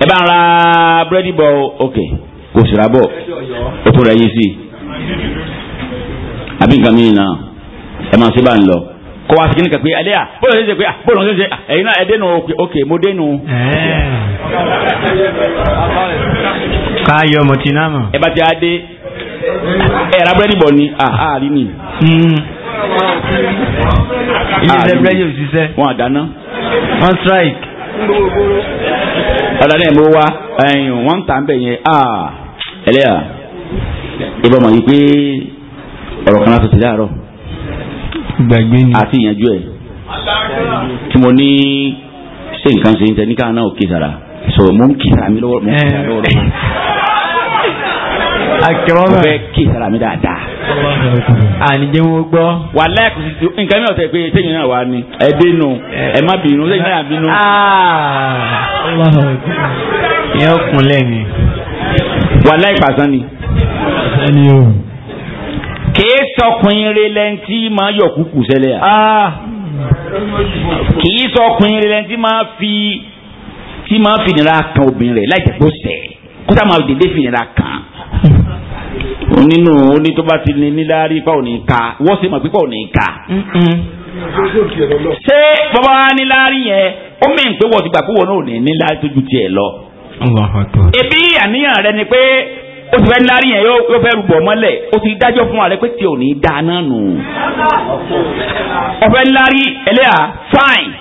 ẹ bá ra búrẹ́dì bọ̀ ok kò sì rábọ̀ o tún rẹ̀ yí sí àbí nǹkan mìíràn náà ẹ máa ṣe bá ń lọ kó wá sí nìkan pé ẹ léyà bóyá ṣe ṣe pé bóyá ṣe ṣe ẹ̀yin náà ẹ dénú ok mo dénú. káyọ̀ mo ti náà mọ̀. ẹ bá ti á dé ẹ ra búrẹ́dì bọ̀ ni àárín ni. Hmm. ilé iṣẹ́ búrẹ́dì ò ṣiṣẹ́. wọn àdáná. wọn strike ọ̀dà náà mo wá ẹ̀yìn wọ́n ń tà ń bẹ̀ yẹn ah, ẹlẹ́yà ìbọn mọ̀ yìí pé ọ̀rọ̀ kan láti ti láàárọ̀ àti ìyànjú ẹ̀ tí mo ní ṣé nǹkan ṣe ń tẹ níkà náà ò sara sọ mo ń kí sara mi lọ́wọ́ mo ń kí sara lọ́wọ́ eh. lọ́wọ́ mo fẹ́ kí sara mi dáadáa àníjẹ́ wọn gbọ́. wà láìpẹ́ sí nǹkan mìíràn tẹ̀ pé téèyàn náà wà ní ẹ̀dẹ́ nù ẹ̀ má bínú téèyàn náà bínú. Ah. ìyẹn ó kun lẹ́yìn. wà láìpẹ́ àsán ni. kìí sọkùnrin rẹ lẹ́ntì máa yọ̀ kúkú sẹ́lẹ̀ à. Ah. kìí sọkùnrin rẹ lẹ́ntì máa fi tí máa fi nira kan obìnrin rẹ̀ láì jẹ́ kó sẹ̀ kó sáà máa dèdè fi nira kan onínú oní tó bá ti ní níláárí pa ò ní ka wọ́n sì mọ̀ pípa ò ní ka. ṣé bàbá wa níláárí yẹn ó mìíràn pé wọ́n ti gbà pé wọ́n náà ní níláárí tó ju tiẹ̀ lọ. ebi àníyàn rẹ ni pé ó ti fẹ́ níláárí yẹn yóò fẹ́ rúbọ̀ mọ́lẹ̀ ó ti dájọ́ fún ààrẹ pé tí ò ní da nù. ọ̀fẹ́ níláárí ẹlẹ́yà fine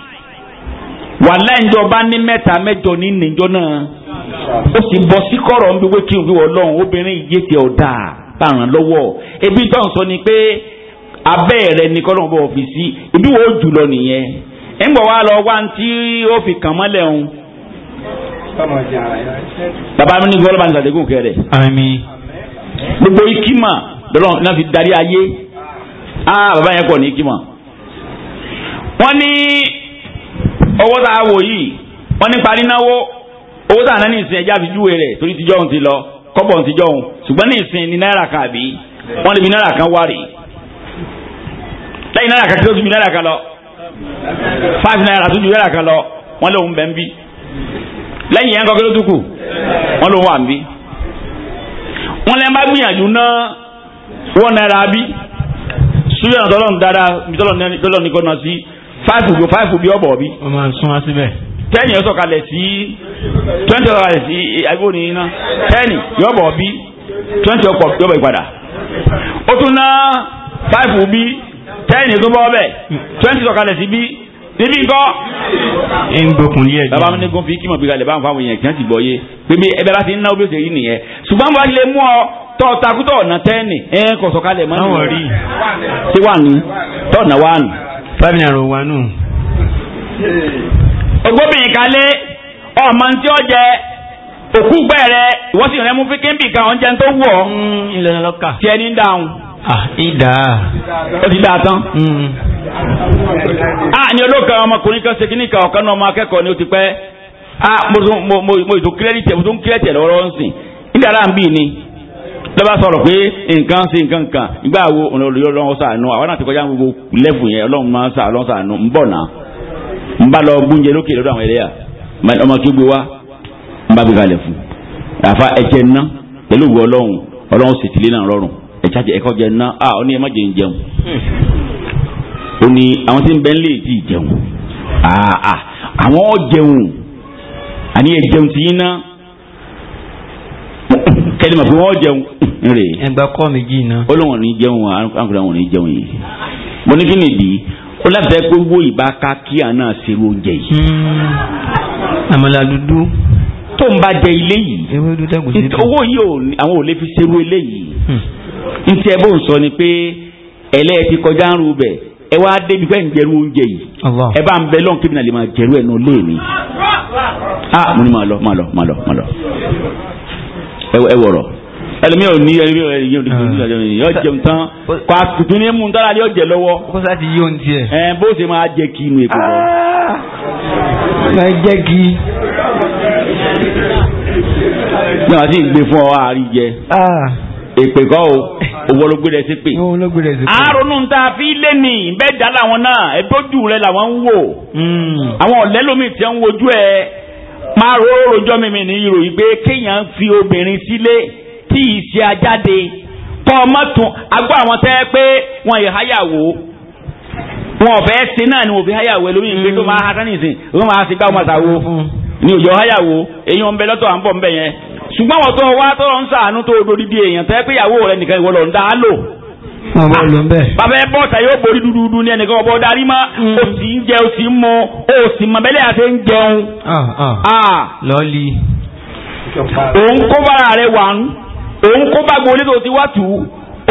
wàhálà ìjọba ní mẹ́ta mẹ́jọ ní níjọ náà ó sì bọ́ sí kọ̀rọ̀ ń bí wé kí n bí wọ́n obìnrin ìyé tiẹ̀ bá ràn lọ́wọ́ ebi tó ń sọ ni pé abẹ́ rẹ ni kọ́lọ́hùn bọ̀ fi sí ibi wo jùlọ nìyẹn ń bọ̀ wá lọ wá ní tí ó fi kàn mọ́lẹ̀ ń. bàbá mi ní gbọ́dọ̀ bá ń sàdégùn kẹrẹ̀. àmín. gbogbo ikima lọ́lọ́run náà fi darí ayé ah bàbá yẹn kọ̀ ní ikima. wọ́n ní owó tá a wò yìí wọ́n ní parí náwó owó tà náà ní ìsìn ẹja fi júwe rẹ̀ torí tíjọ́ òun ti lọ kọ́bọ̀ òun tíjọ́ òun ṣùgbọ́n ní ìsìn ní náírà kan àbí wọ́n lè fi náírà kan wá rè lẹ́yìn náírà kan tí ó tún fi náírà kan lọ five náírà tó ju náírà kan lọ wọ́n lòun bẹ̀ ń bí lẹ́yìn yẹn kọ́kẹ́ ló tún kù wọ́n lòun wà ń bí wọ́n lẹ́yìn bá gbìyànjú náà wọ́n náírà bí súyọ̀ náà tọ́lọ́ dáadáa tọ́lọ́ ní kọ́nà sí five bí ọ̀bọ̀ bí. wọ́n máa ń sún wá síbẹ̀. tẹ́ẹ̀nì yóò sọ̀kalẹ̀ sí twenty sọ̀kalẹ̀ sí àgbo ní iná tẹ́ẹ̀nì yóò bí twenty ọkọ̀ yóò ìpadà o tún ná five bí tẹ́ẹ̀nì tó bọ́ bẹ̀ twenty sí bí níbí nkọ. ẹ ń gbókun fi kí kí ti yé nìyẹn ṣùgbọ́n bá mú ọ tọ́ takútọ̀ ọ̀nà tẹ́ẹ̀nì ẹ kò sọ̀kalẹ̀ mọ́ ní rí tí wà ní tọ́ọ̀nà wà nù. ògbóbìnrin kalẹ̀ ọmọ tí ó jẹ òkú gbẹrẹ wọ́n sì mú fíkín bì kan oúnjẹ tó wù ọ́. ilẹ̀ hmm, lọ́kà. tiẹ̀ ní dáhùn. ìdá. ó ti dáa tán. a hmm. n'i olóòkan ọmọkùnrin kan ṣe kíní ọ̀kan náà ọmọ akẹ́kọ̀ọ́ ni ó ti pẹ́ a mo mo mo tún lọ́wọ́ nígbà ń bì pé nǹkan wo ọ̀nà sàánú àwọn àti kọjá gbogbo yẹn ọlọ́run máa ń n bá lọ gbóúnjẹ lókè lọ́dọ̀ àwọn ẹlẹ́yà ọmọ kí gbé wá n bá gbé kalẹ̀ fún àfa ẹ̀jẹ̀ ná pẹ̀lú ìwọ ọlọ́run ọlọ́run sì tìlẹ̀ náà rọrùn ẹ̀jẹ̀ àti ẹ̀kọ́ jẹ ná a ó ní ẹ má jẹun jẹun ó ní àwọn tí ń bẹ ń lè ti jẹun àà àwọn ọ̀ jẹun àní ẹ jẹun ti yín ná kẹ́ni mà fún wọn jẹun rè. ẹgbẹ́ kọ́ mi jí iná. ó lóun ò ní jẹun àkùrẹ́ wọn ò ní jẹun yìí mo ní kí ni ìdí ó láti fẹ́ pé wó ìbá ká kí àná ṣerú oúnjẹ yìí. Hmm. àmàlà dúdú. tó ń bá jẹ ilé yìí owó yìí àwọn ò lè fi ṣerú ilé yìí ntí hmm. ẹ bó ń sọ ni pé ẹlẹ́yẹ ti kọjá ń ru bẹ̀ ẹ wá débi fẹ́ ń jẹrú oúnjẹ yìí ẹ bá ń bẹ lọ́n kébìnà lè máa jẹrú ẹ̀ lé mi. a ah, mo ní máa lọ máa lọ máa lọ máa lọ ẹ wọ̀rọ̀ ẹlòmí ò ní ẹlòmí ò ní ẹlòmí ah. yóò jẹun tán kó a tuntun ní mú ntọ́ra yóò jẹ lọ́wọ́. kó sá ti yí ohun tiẹ̀. ẹ bó ṣe máa jẹ kí inú èkó ah. máa jẹ kí. náà sì ń gbé fún ọ àárí jẹ. Ah. èpè kọ́ o owó ló gbé rẹ sí pé. owó ló gbé rẹ sí pé. àrònú ta fi lé ní bẹ́ẹ̀ dá làwọn náà ẹgbẹ́jú rẹ làwọn ń wò. Hmm. àwọn ọ̀lẹ́lómi tí wọ́n ń wojú ẹ̀ máa ro rojọ́ mímì ní ìròyìn pé kéèyàn fi obìnrin sílé tí ìṣe ajáde tọ́ mọ́tún agbọ́ àwọn tẹ́ pé wọ́n yẹ háyàwó wọn ò fẹ́ ṣe náà ni wọ́n fi háyàwó ẹlòmíì ń gbé tó máa hásán nìsín ló máa ṣe gbá wọn àtàwọ ní òjò háyàwó èyàn ń bẹ lọ́tọ̀ à ń bọ̀ ń bẹ yẹn ṣùgbọ́n wọn tó wá tó ń sàánú tó odò dídí èèyàn tẹ́ pé ìyàwó rẹ nìkan ìwọ lọ ń dá a lò. bàbá ló ń bàbá ẹ bọ́ọ̀tà yóò borí dúdúdú ní ẹnìkan ọ̀bọ darí mọ́ mm. o sì ń jẹ o sì ń mu o sì mọ bẹ́lẹ̀ àti ń jẹun. Ah, ah. Ah. lọ́ọ̀lì. òun kó bára rẹ̀ wà òun kó bá gbolé tó ti wá tù ú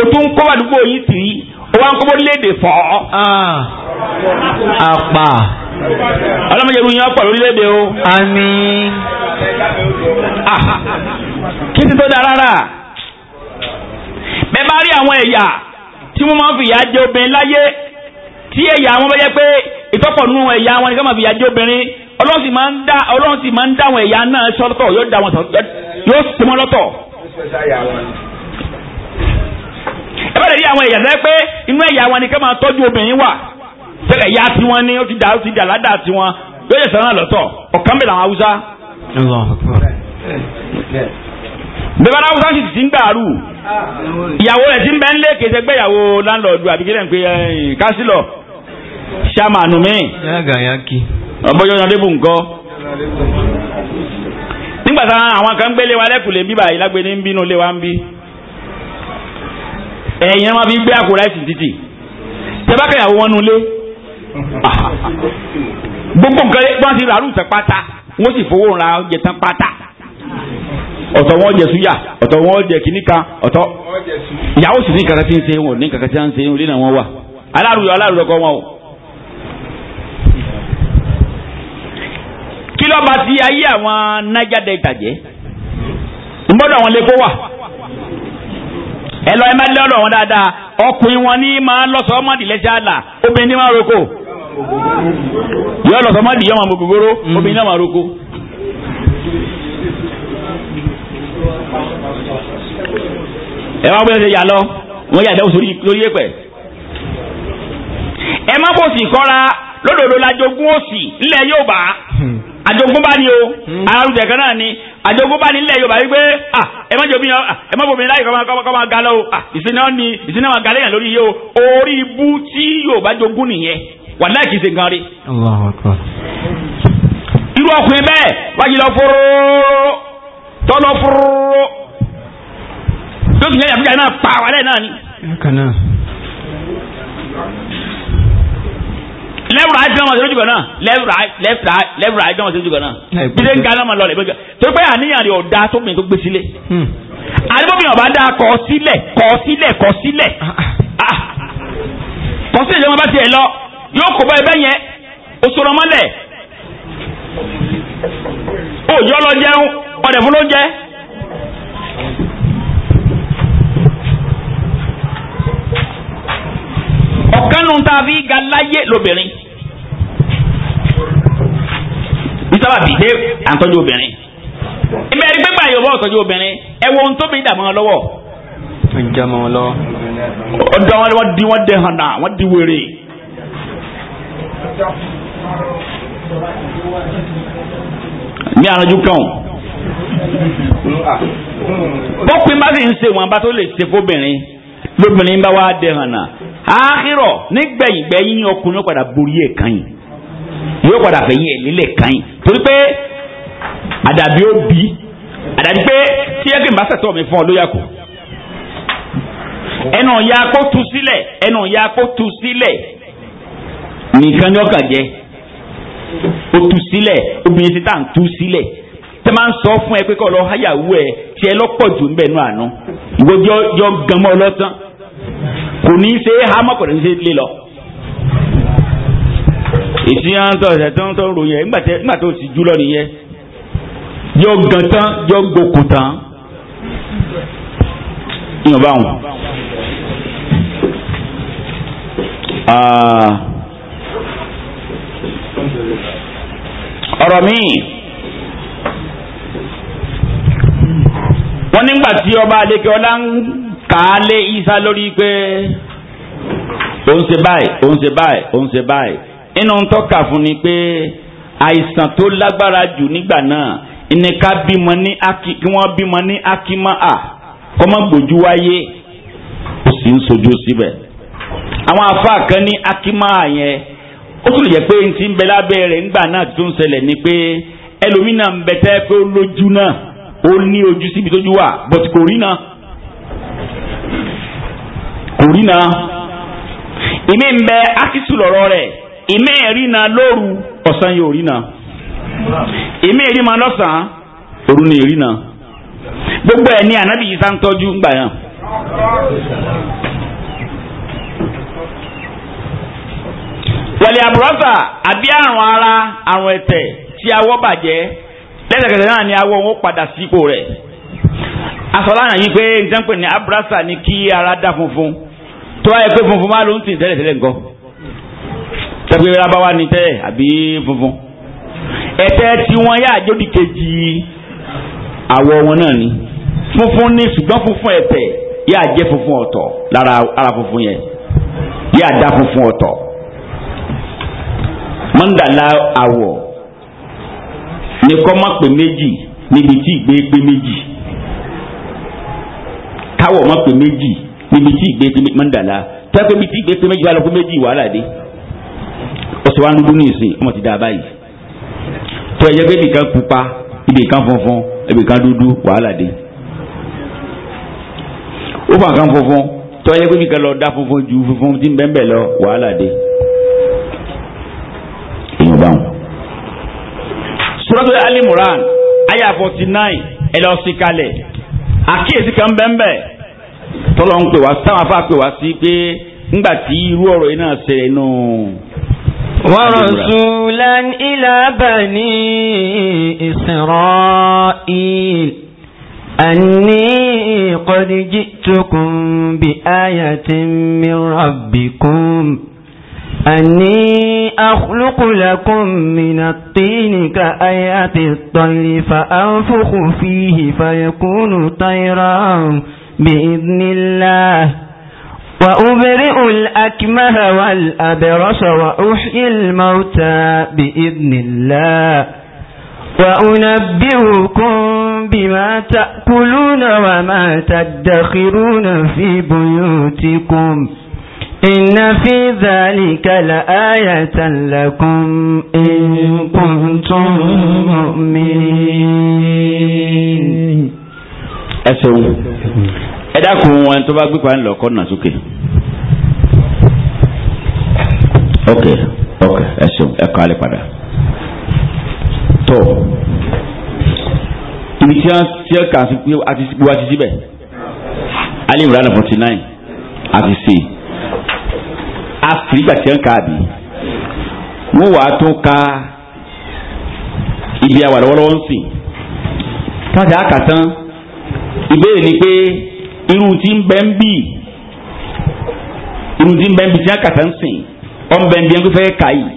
o tún ń kó bá dúgbò yìí tì í o wá ń kó bó léde fọ́. àpà. ọlọ́mọdé ìlú yẹn pọ̀ lórílẹ̀‐èdè o. àmín. Ah, kí ti tó da rárá bẹ́ẹ̀ bá rí àwọn ẹ̀yà tí wọ́n máa ń fìyà jẹ obìnrin láyé tí ẹ̀yà wọn bá yẹ pé ìtọ́pọ̀ nínú ẹ̀yà wọn ni ká máa fìyà jẹ obìnrin ọlọ́run sì máa ń dá àwọn ẹ̀yà náà sọ́tọ̀ yóò dá wọn sọ́tọ̀ yóò ẹ bá lè rí àwọn ẹ̀yà sẹ́ inú ẹ̀yà wọn ni ká máa tọ́jú obìnrin wà tẹ́lẹ̀ ya tí wọ́n ó ti dà ó ti dà ládà tí yóò yẹ sọ́nà lọ́tọ̀ ọ̀kan bẹ̀rẹ̀ àwọn haúsá. bẹ́ẹ̀ ni haúsá sì ti ń gbàrú ìyàwó rẹ̀ ti ń bẹ́ ń lé kété gbé ìyàwó láńlọ́ọ̀dù àbí kílẹ̀ eh, ń pe kásílọ̀ ṣàmànù mi. ọmọ yọ̀ọ́ nígbà tá àwọn kan gbélé wa lẹ́kùlé ń bí báyìí lágbèdè ń bínú lé wa ń bí. ẹ̀yin wọn fi gbé àpò ráìsì títì tẹ́bákẹ́yàwó wọn nulẹ̀ gbogbo nǹkan wọn ti rà lùtẹ̀ pátá wọ́n sì fowó ra oúnjẹ tán pátá ọ̀tọ̀ wọn jẹ suya ọ̀tọ̀ wọn jẹ kìnnì kan ọ̀tọ̀ ìyàwó sì ní kankan ń ṣe wọn ní kankan ń ṣe wọn lé náà wọn wà alárùyọ alárùyọ kọ wọn o. kí ló bá ti ayé àwọn Niger Delta jẹ́ nbọ́dọ̀ àwọn lẹ́kọ́ wà ẹ lọ ẹ má lé ọ̀rọ̀ wọn dáadáa ọkùnrin wọn ní máa lọ́sọ ọmọdé lẹ́sẹ̀ àlà obìnrin ní máa roko yọ lọ́sọ ọmọdé yọ máa mọ gbogbooro obìnrin náà máa roko. ẹ wá gbọ́dọ̀ ṣe yà lọ wọ́n yà dáhùn sórí lórí ẹ̀pẹ̀. ẹ má bò sí kọ́ra lódòdó la òsì nílẹ̀ yóò bá àjogúnbá ni o hmm. arúgbẹ̀ kan náà ni àjogúnbá ni ilẹ̀ Yorùbá wípé ẹ má jòbí yan ẹ má bòmí láyé kọ́ máa ga lọ o ìsinà ni ìsinà máa ga léyàn lórí yìí o orí ibú tí Yorùbá jogún nìyẹn wà láì kìí ṣe nǹkan rí. irú ọkùnrin bẹ́ẹ̀ wájú lọ fóró tọ́lọ́ fóró tó sì yàtúkà náà pa àwálẹ̀ náà ni. left right náà wọ́n ti lójú kan náà left right left right left right náà wọ́n ti lójú kan náà bídé ń ga náà máa lọ rẹ̀ tó pé àníyàn rẹ̀ ọ̀dà tó bìnrin tó gbé sílẹ̀ hmm. àdébòmíyàn bá dáa kọ sílẹ̀ kọ sílẹ̀ kọ sílẹ̀ ah, ah. Ah. kọ sílẹ̀ ìjọba bá tiẹ̀ lọ yóò kó bọ́ ẹbẹ́ yẹn òṣòro mọ́lẹ̀ òòjọ́ lọ jẹun ọ̀dẹ̀ fún ló jẹ. ọ̀kan nù tá a fi ga láyé lóbìnrin. sábàbí pé à ń tọ́jú obìnrin ìbẹ̀ ẹni gbẹ́gbà yóò bọ́ tọ́jú obìnrin ẹ wo ohun tó mi dààmú wọn lọ́wọ́. ọ̀dọ̀ wọn wọ́n di wọ́n dẹ hàn náà wọ́n di wèrè. ní àrùn kan bọ́pin bá sì ń ṣe wọn bá tó lè ṣe fóbìnrin lóbìnrin bá wá dẹ hàn náà àákírọ̀ nígbẹ̀yìngbẹ̀yìn ọkùnrin padà borí ẹ̀ kan yìí yóò padà fẹ̀yìn ẹ̀ nílẹ̀ kan yìí torí pé àdàbí ó bí àdàbí pé tí ẹgbẹ́ mi bá sẹ̀tọ̀ mi fún ọ ló yà kù ẹnu ọ̀ya kó tu sílẹ̀ ẹnu ọ̀ya kó tu sílẹ̀ nìkan ni ọkàn jẹ ó tu sílẹ̀ obìnrin ti tà ń tu sílẹ̀ tẹ máa ń sọ fún ẹ pé kọ́ lọ háyàwó ẹ tiẹ lọ́pọ̀ jù ńbẹ̀ nù àná ìwọ jọ gan mọ́ ọ lọ́tàn kò ní í ṣe é hámọ́ kò ní í ṣe é lé lọ ètí yà ń tọ̀ ẹ̀sẹ̀ tó ń tọ̀ rò yẹn nígbà tó sì júlọ nìyẹn yọ gan tán yọ gbòkò tán ìyàn bá wọn. ọ̀rọ̀ míì wọ́n nígbà tí ọba adéke ọlá ń kà á lé isa lórí pé òun ṣe báyìí òun ṣe báyìí òun ṣe báyìí inú ń tọ́ka fún ni pé àìsàn tó lágbára jù nígbà náà ni ká bímọ ní aki kí wọ́n bímọ ní akímọ́ à kọ́mọ́ gbójú wáyé ó sì ń sojú síbẹ̀ àwọn àfáà kan ní akímọ́ à yẹn ó tún lè jẹ́ pé ntí ń bẹ lábẹ́ rẹ̀ nígbà náà tó ń ṣẹlẹ̀ ni pé ẹlòmínà ń bẹ tẹ́ pé ó lójú náà ó ní ojú síbi tójú wà but kò rí náà kò rí náà ìmí ń bẹ akísù lọ́rọ́ rẹ̀ ime ìrìnà lóru ọ̀sán yóò rìnà ìmẹ́ ìrìnà lọ́sàn-án òru ni gbogbo ẹ̀ ní ànábì sá ń tọ́jú ńgbà náà. àbúrọ́sà àbí àrùn ara àrùn ẹ̀tẹ̀ tí awọ bàjẹ́ lẹ́sẹ̀kẹsẹ̀ náà ni awọ wọn padà sípò rẹ̀ asọ̀láyà yìí pé njẹ́ pé ní abúrọ́sà ni kí ara dá funfun tó wáyé pé funfun máa ló ń sẹ́pẹ́ rábáwá ni tẹ́ àbí funfun ẹ̀tẹ́ tí wọ́n yá àjòdì kejì àwọ̀ wọn náà ni funfun ni ṣùgbọ́n funfun ẹ̀tẹ̀ yá jẹ́ funfun ọ̀tọ̀ lára ara funfun yẹn yá dá funfun ọ̀tọ̀ mọ́ndàlá àwọ̀ ní kọ́ má pé méjì níbi tí ìgbé pé méjì káwọ̀ má pé méjì níbi tí ìgbé pé mọ́ndàlá tẹ́ bí tí ìgbé pé méjì wà lọ méjì wàhálà dé ọ̀sẹ̀ wa ń dún ní ìsìn ọmọ ti dà báyìí tó ẹ jẹ́ pé ibìkan pupa ibìkan funfun ibìkan dúdú wàhálà dé ó fà kan funfun tó ẹ jẹ́ pé ibìkan lọ dá funfun ju funfun tí ń bẹ́ẹ̀ bẹ́ẹ̀ lọ wàhálà dé èèyàn bá wọn. suratul ali moran aya forty nine ẹ lọ sí kalẹ̀ àkíyèsí kan bẹ́ẹ̀ bẹ́ẹ̀ tọ́lọ́ ń pè wá sáwọn afá pè wá sí pé ńgbà tí irú ọ̀rọ̀ yìí náà ṣe inú. No ورسولا إلى بني إسرائيل أني قد جئتكم بآية من ربكم أني أخلق لكم من الطين كآيات الطير فأنفخ فيه فيكون طيرا بإذن الله وأبرئ الأكمه والأبرص وأحيي الموتى بإذن الله وأنبئكم بما تأكلون وما تدخرون في بيوتكم إن في ذلك لآية لكم إن كنتم مؤمنين أسوأ ẹ dákun wọn tó bá gbé pa ń lọ kọ́ nà sókè. ok ok ẹ ṣeun ẹ kọ́ alẹ́ padà. tó ibi tí wọ́n ti kà sí pé a ti gbé wa ti síbẹ̀ ali imran forty nine a ti sè a fi ìgbà tí wọ́n kà á wọ́n wàá tó ka ibi àwàlọ́wọ́lọ́wọ́ ń sìn káàkiri àkàtán ìbéèrè ni pé. irú tí ń bẹ́ ń bì irú tí ń bẹ́ ń bì tí wọ́n kàtà ń sìn ọ́n bẹ́ ń bì ẹnkú fẹ́ kà yìí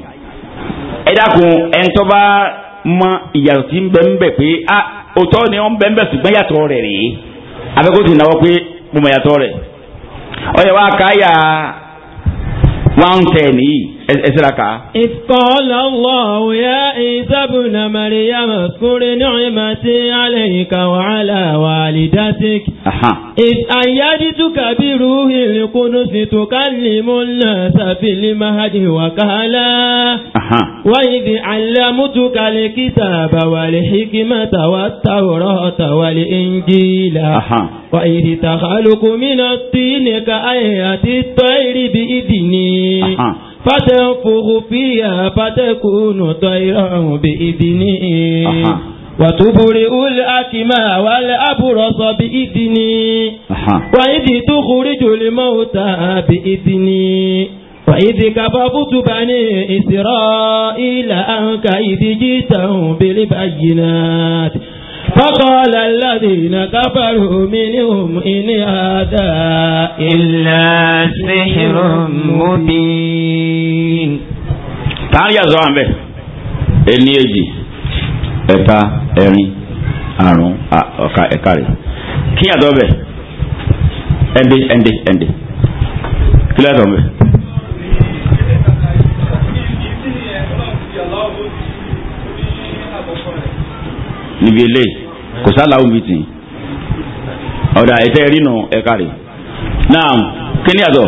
ẹ dákun ẹ̀ńtọ́ bá mọ ìyàtọ̀ tí ń bẹ́ ń bẹ̀ pé a ni one ten اسرك إذ قال الله يا عيسى ابن مريم اذكر نعمتي عليك وعلى والدتك أحا. إذ أيدتك بروح القدس تكلم الناس في المهد وكهلا وإذ علمتك الكتاب والحكمة والتوراة والإنجيل أحا. وإذ تخلق من الطين كأية الطير بإذني أحا. فتنفخ فيها فتكون طيرا بإذني وتبرئ الأكمى والأبرص بإذني وإذ تخرج الموتى بإذني وإذ كففت بني إسرائيل عنك إذ جئتهم بالبينات فقال الذين كفروا منهم إن هذا إلا سحر مبين تعال يا زوان به ẹni èjì ẹ̀ta ẹ̀rin àrùn ọ̀ka ẹ̀ka rẹ̀ kí ni àtọ́ bẹ̀ ẹ̀ndé ẹ̀ndé ẹ̀ndé kí ni àtọ́ bẹ̀. níbi eléyìí kò sáláwù mìtì ọ̀dà ẹ̀tẹ́ rínu ẹ̀ka rẹ̀ náà kí ni àtọ̀.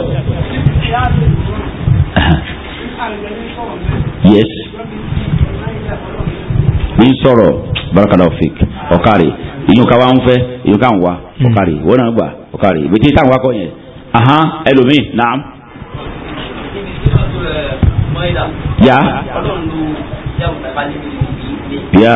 yes mi barakada ofik ọ̀kàrì ìyún ká wá ń fẹ́ ìyún ká ń wá ọ̀kàrì wọ́n náà gbà ọ̀kàrì ìbí tí táwọn wá yẹn ahan ẹlòmíì naam. ya. ya.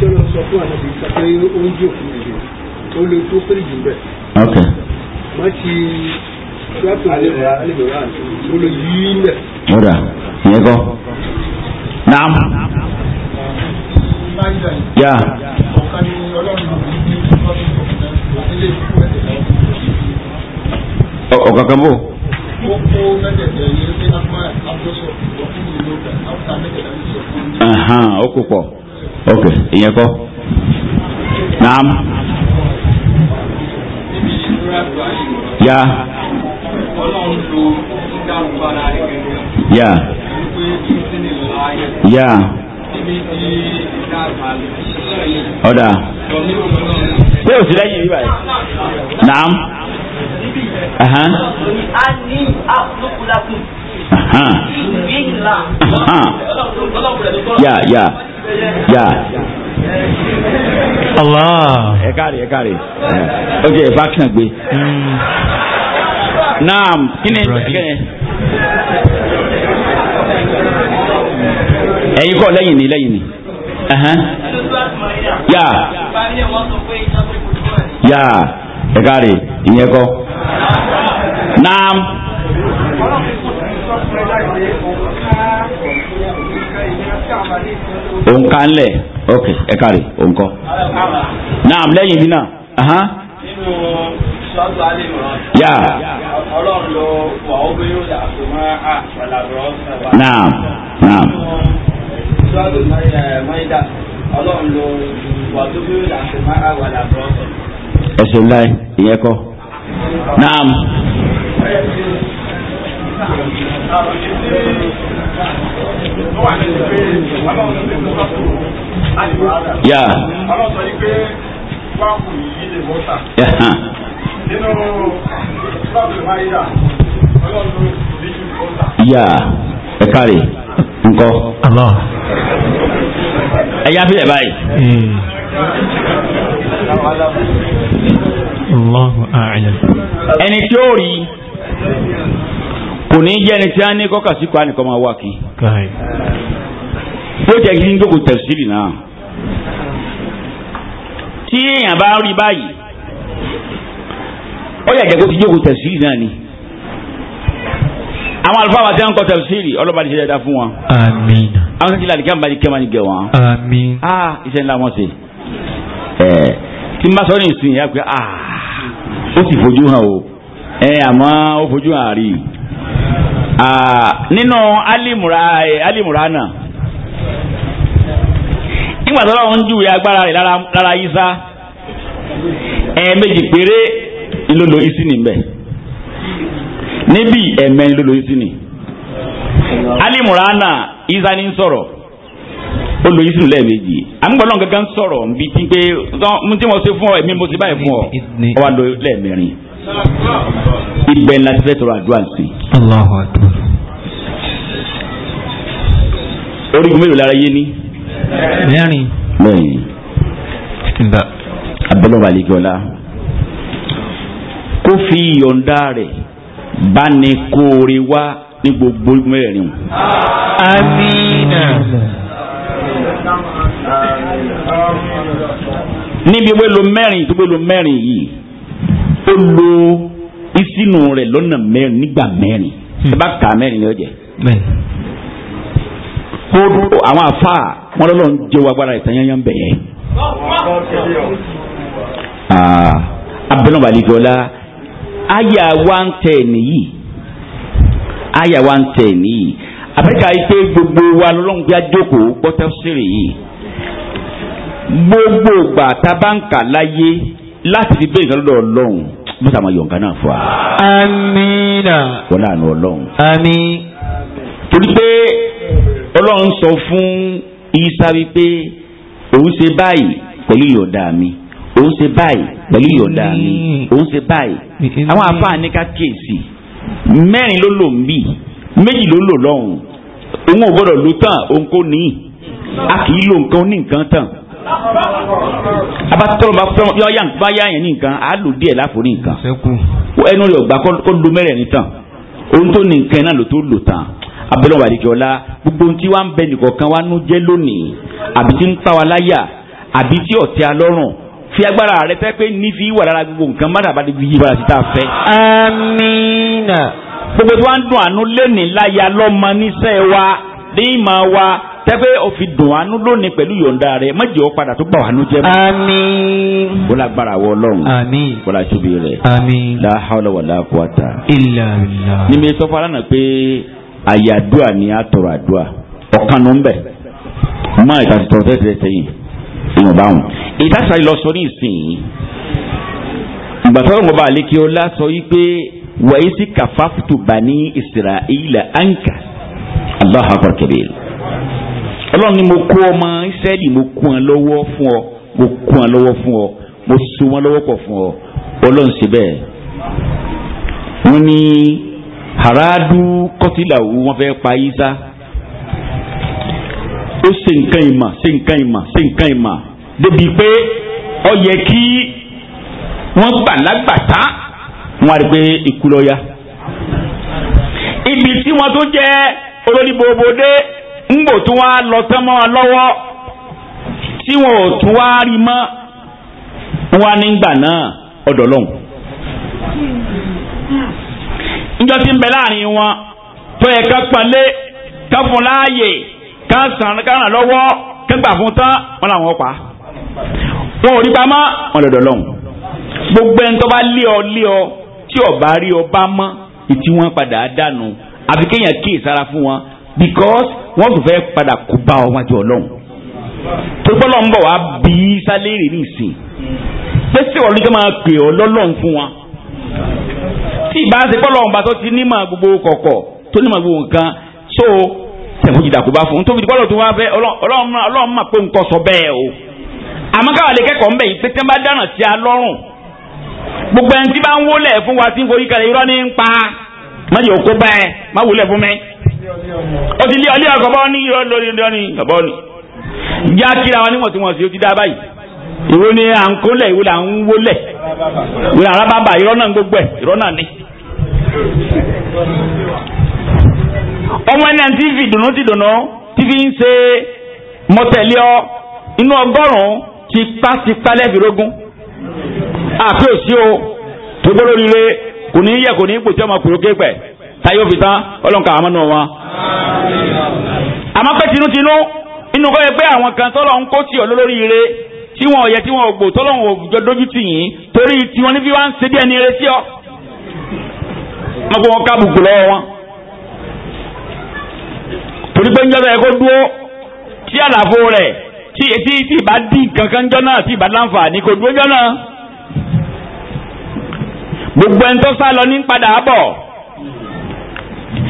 ok. má ti tíwájú àlebèrè àlebèrè àná ó lo yí lẹ̀. ó dà ìyẹn kọ́. naam. yà. ọ̀kan kan bò. ó pọ̀ ok ìyẹn kọ́ naam ya ya ya ọ̀dà pé òsì lẹ́yìn yìí báyìí naam. a ní àkókò lákùn. yìí ńlá. yà yà. Ya. Allah. ẹ káre ẹ káre eh, ok ẹ bá kàn gbé. Hmm. naam kí ni ẹ ẹyin kọ lẹ́yìn ni lẹ́yìn ni. yà yà ẹ káre ìyẹn kọ. naam. òǹkà ńlẹ̀ ok ẹ káre òǹkọ. náà lẹ́yìn bí náà. nínú sọ́ọ̀tù alẹ́mọ̀ràn. yá. ọlọ́run ló wà yà. yà ẹ káre nkọ. ẹ yá fílẹ̀ báyìí. ẹni tí ó rí kò ní jẹ́ ẹni tí a ní kọ́kà sí kwan nìkan máa wá kí. ó jẹ́ kí n jókòó tẹ̀síìrì náà. tí èèyàn bá rí báyìí ó yẹ kẹ́kọ̀ọ́ ti jókòó tẹ̀síìrì náà ni. àwọn àlùfáà wa ti ń kọ́ tẹ̀síìrì ọlọ́ba ti ṣe dáadáa fún wọn. àmín. àwọn sẹ́kìlá àdìgá ń bá di kẹ́ máa ń gẹ̀ wọ́n. àmín. a iṣẹ́ ńlá wọn ṣe. ẹ tí n bá sọ ní ìsìn yà pé ah, ó ti fojú hàn o ẹ àmọ́ ó fojú hàn rí i. Ah, nínú alimurana eh, nígbà ń júwe agbára rẹ̀ lára yíza ẹ̀ẹ̀mejì péré ìlòlò ìsìnì ń bẹ níbi ẹ̀ẹ̀mẹ ìlòlò ìsìnì alimurana yísá ní sọ̀rọ̀ olùyí sínú lẹ́ẹ̀mejì àmúgbọ́nà gangan sọ̀rọ̀ nbí tí pé mo ti fún ọ mo ti báyìí fún ọ ọ wa lọ lẹ́ẹ̀mẹrin ti fẹ́ tọrọ àdúrà orígun mélòó lára yé ní. mẹ́rin. mẹ́rin. abẹ́lẹ́ balẹ̀gọ́lá kó fi ìyọ̀ǹda rẹ̀ bá ní kóore wá ní gbogbo mẹ́rin. amiina. níbi wélo mẹ́rin tó wélo mẹ́rin yìí ó lo ìsinu rẹ̀ lọ́nà mẹ́rin nígbà mẹ́rin ẹ bá kà mẹ́rin ni ó jẹ kó àwọn afa wọn lọ́lọ́ ń jẹ́ wa gbára ìtanyányá ń bẹ̀ yẹn. Ah, abẹ́nú balikola aya one ten yìí aya one ten yìí àbẹ́ka yìí pé gbogbo wa lọ́lọ́run bí ajókòó gbọ́tẹ́ sírì yìí gbogbo gbà tá a bá ń kà láyé láti fi bẹ́ẹ̀ lọ́dọ̀ ọlọ́run bí sàmà yọ̀ǹkà náà fún wa. amiina. wọ́n náà nù ọlọ́run. ami. torí pé ọlọ́run sọ fún isa wípé òun ṣe báyìí pẹ̀lú ìyọ̀dà mi òun ṣe báyìí pẹ̀lú ìyọ̀dà mi òun ṣe báyìí àwọn àfáàní ká kéèsì mẹ́rin ló lò ń bì méjì ló lò lọ́hùn òun ò gbọ́dọ̀ lò tán òun kò ní a kì í lo nǹkan ní nǹkan tán abatọlọ bá fẹn yọ yan bá yá yẹn ní nǹkan á lò díẹ̀ láforí nǹkan ẹnu rẹ̀ ọgbà kó lo mẹ́rẹ̀ẹ̀rin tán ohun tó ní nǹkan náà ló tó lò tán abẹ́lẹ́wọ̀n àdìjọ́lá gbogbo ohun tí wàá ń bẹ nìkọ̀ọ̀kan wàá nú jẹ́ lónìí àbí tí ń ta wa láyà àbí tí ọ̀tí alọ́rùn fi agbára rẹ fẹ́ pé nífi wà lára gbogbo nǹkan má dàbá di yíwara sí tá a fẹ́. amiina. gbogbo tí wàá ń dùn àánú lẹ́nìí láyà lọ́mọ níṣẹ́ wa ní ìmọ̀ wa tẹ́fẹ́ òfin dùn àánú lónìí pẹ̀lú yọ̀ǹda rẹ̀ mọ̀jẹ̀ ọ́ padà tó gbà wà jẹ́ mọ́. àmín. wọ́n la wọ ọlọ́run. àmín. wọ́n àyàdúà ni a tọrọ àdúà ọ̀kan ló ń bẹ̀ má ìtàsí tọrọ tẹ́tẹ́ sẹ́yìn ìwọ̀n bá wọn. ìtàsá lọ sọ ní ìsìn ìgbà tọ́lọ́ wọn bá àlékè ọlá sọ yí pé wàyí sí kàfáfùtù bani Israila anka Allahu akbar kabir ọlọ́run ni mo kó ọmọ Ísírẹ́lì mo kó wọn lọ́wọ́ fún ọ mo kó wọn lọ́wọ́ fún ọ mo so wọn lọ́wọ́ pọ̀ fún ọ ọlọ́run ṣe bẹ́ẹ̀ wọ́n ní. haradu kọtìlàwù wọn fẹ́ pa isa ó ṣe nǹkan ìmọ̀ ṣe nǹkan ìmọ̀ ṣe nǹkan ìmọ̀ débi pé ó yẹ kí wọn gbà lágbàtà wọn àti pé ikú lọ ya ibi tí wọn tó jẹ́ olórí bòbòdé ńgbò tó wá lọ tán mọ́ wọn lọ́wọ́ tí wọn ò tún wá rí mọ́ wọn nígbà náà ọ̀dọ̀ lọ́hùn. njọ́ tí ń bẹ láàrin wọn tó yẹ ká pàlẹ́ ká fún láàyè ká sàn ká ràn lọ́wọ́ ká gbà fún tán wọn làwọn pa wọn ò rí pamọ́ wọn lọ́dọ̀ lọ́hùn gbogbo ẹni tó bá lé ọ lé ọ tí ò rí ọ bá mọ́ ìtí wọn padà dànù àfi kéèyàn kíyè sára fún wọn because wọn tún fẹ́ padà kó bá ọ wájú ọlọ́run tó gbọ́dọ̀ ń bọ̀ wá bí sálẹ̀ rè ní ìsìn pẹ́sẹ́ ọ̀rọ̀ nígbà máa pè ọ lọ́lọ́run fún wọn. tí ìbá ṣe pọ́lọ́ ọ̀nba tó ti nímọ̀ gbogbo kọ̀kọ̀ tó nímọ̀ gbogbo nǹkan so tẹ̀wọ́n jìdá bá fún tóbi pọ́lọ́ tó wá fẹ́ ọlọ́run mà pé sọ bẹ́ẹ̀ o àmọ́ káwa lè kẹ́kọ̀ọ́ mbẹ́ yìí pé tẹ́ a lọ́rùn gbogbo ẹni tí bá ń wólẹ̀ fún wa tí ń forí kalẹ̀ irọ́ ní ń pa má bẹ́ẹ̀ ti ni ni à ń kólẹ̀ ìwé là ń ọmọ ẹni àti tv dùnú ti dùnú tv ń ṣe mọtẹlẹ ọ inú ọgọ́rùn ti pa ti pa lẹfirogun àfi òsì o tó gbọ́dọ̀ rire kò ní yẹ kò ní ipò tí ọmọ kùrò kéèpẹ táyọ fi tán ọlọ́nkà àmọ́ nù wọn. àmọ́ pé tinútinú inú kọ́ yẹ pé àwọn kan tọ́lọ̀ ń kó tì ọ́ lórí ire tí wọn ò yẹ tí wọn ò gbò tọ́lọ̀ ń jọ dójú tì yín torí tiwọn níbi wá ń ṣe bí ẹni retí ọ. wọn kó wọn kábùkù lọ́wọ́ wọn. torí pé ń jọ́sọ̀ yẹ kó dúró tí àlàfo rẹ̀ tí etí tí ìbá dín kankan jọ náà tí ìbá láǹfààní kò dúró jọ náà. gbogbo ẹni tó sá lọ ní padà bọ̀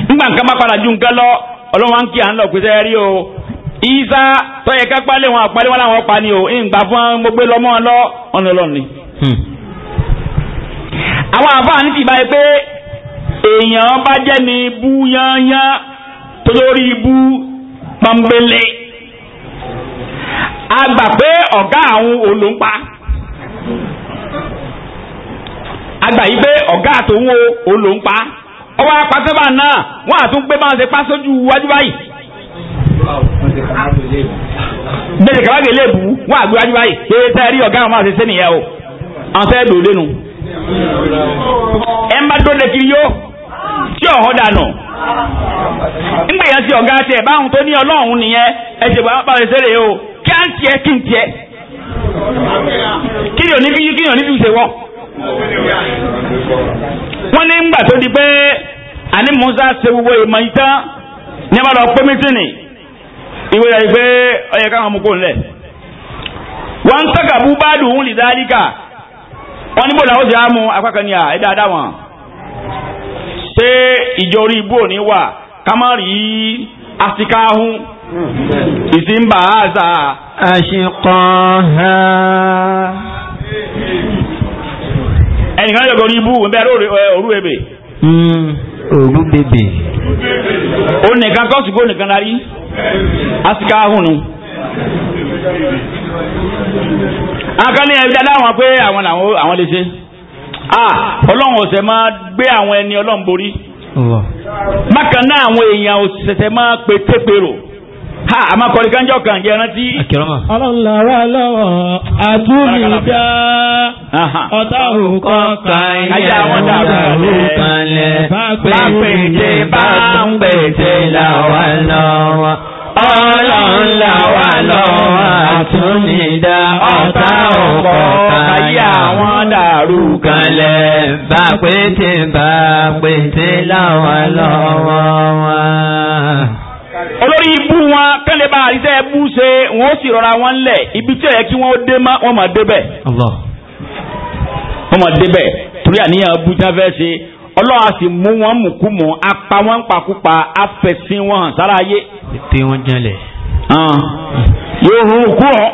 nígbà nǹkan bá padà ju nǹkan lọ ọlọ́run wa ń kí à ń lọ pé sẹ́yẹ́rì o ìsá tọ́yẹ ká pálẹ̀ wọn àpálẹ̀ wọn làwọn pa ni o ìgbà fún gbogbo lọ́mọ́ lọ́ ọ̀nà ọlọ́run ni. Hmm. àwọn àfáà ní ti báyìí pé èèyàn bá jẹ́ ní ibú yányá tó lórí ibú pọ́nbélé a gbà pé ọ̀gá àwọn olóńpa a gbà yí pé ọ̀gá àtòun ọwọ́ apàtẹ́bà náà wọ́n àtún pé máa ṣe pa sójú wájú báyìí. bẹ́ẹ̀ kàwá gèlè bù wọ́n àgbé wájú o àwọn tí ọ̀họ́ dànù. ńgbè yẹn sí ọ̀gá tiẹ̀ báwọn tó ní ọlọ́run nìyẹn ẹ bá o kí á ń tiẹ̀ kí n tiẹ̀. kí ni òní fi kí ni òní fi wọ́n ní ńgbà tó di pé àní Musa ṣe ìmọ̀ yìí tán ní a bá lọ pé mítìnì ìwé rẹ̀ pé ọyẹ káwọn pé ìjọ orí ibú òní wà ká má rí asikahun ìsìnbà àzà. àṣìkàn ha. ẹnìkan yọ̀gọ̀ orí ibú ń bẹ òru ebè. Hmm, òru bèbè. ó nìkan kọ́sùkò nìkan la rí asikahun ni akọ́ni ẹ̀rí dáadáa wọn pé àwọn làwọn lè ṣe. Ah, ọlọ́run ọ̀sẹ̀ máa gbé àwọn ẹni ọlọ́run borí bákan náà àwọn èèyàn òṣìṣẹ́ máa pétépèrò ha àmọ́ kọ́ni kánjọ́ kan jẹ́ rántí. ọlọ́lára lọ́wọ́ àtúnyíká ọ̀tá òkò kan yẹ ọ̀tá òkan lẹ̀ bá pèsè bá ń pèsè làwọn lọ́wọ́. ọlọ́run là wà lọ́wọ́ àtúnidá ọ̀tá ọ̀pọ̀ káyé àwọn dàrú kalẹ̀ bá pété bá pété láwọn lọ́wọ́ wa. olórí ibú wọn kẹ́lẹ́ bá àríṣẹ́ ẹbú ṣe wọn ó sì rọra wọn lẹ̀ ibi tí ó yẹ kí wọ́n dé mọ́ wọn mọ̀ débẹ̀. Allah. wọ́n mọ̀ débẹ̀ torí àníyàn bú tí fẹ́ ṣe ọlọ́run a sì mú wọn mùkúmù apá wọn pakúpa afẹ̀sìn wọn hàn sára ayé. pé wọ́n jalè. yóò hu òkú ọ.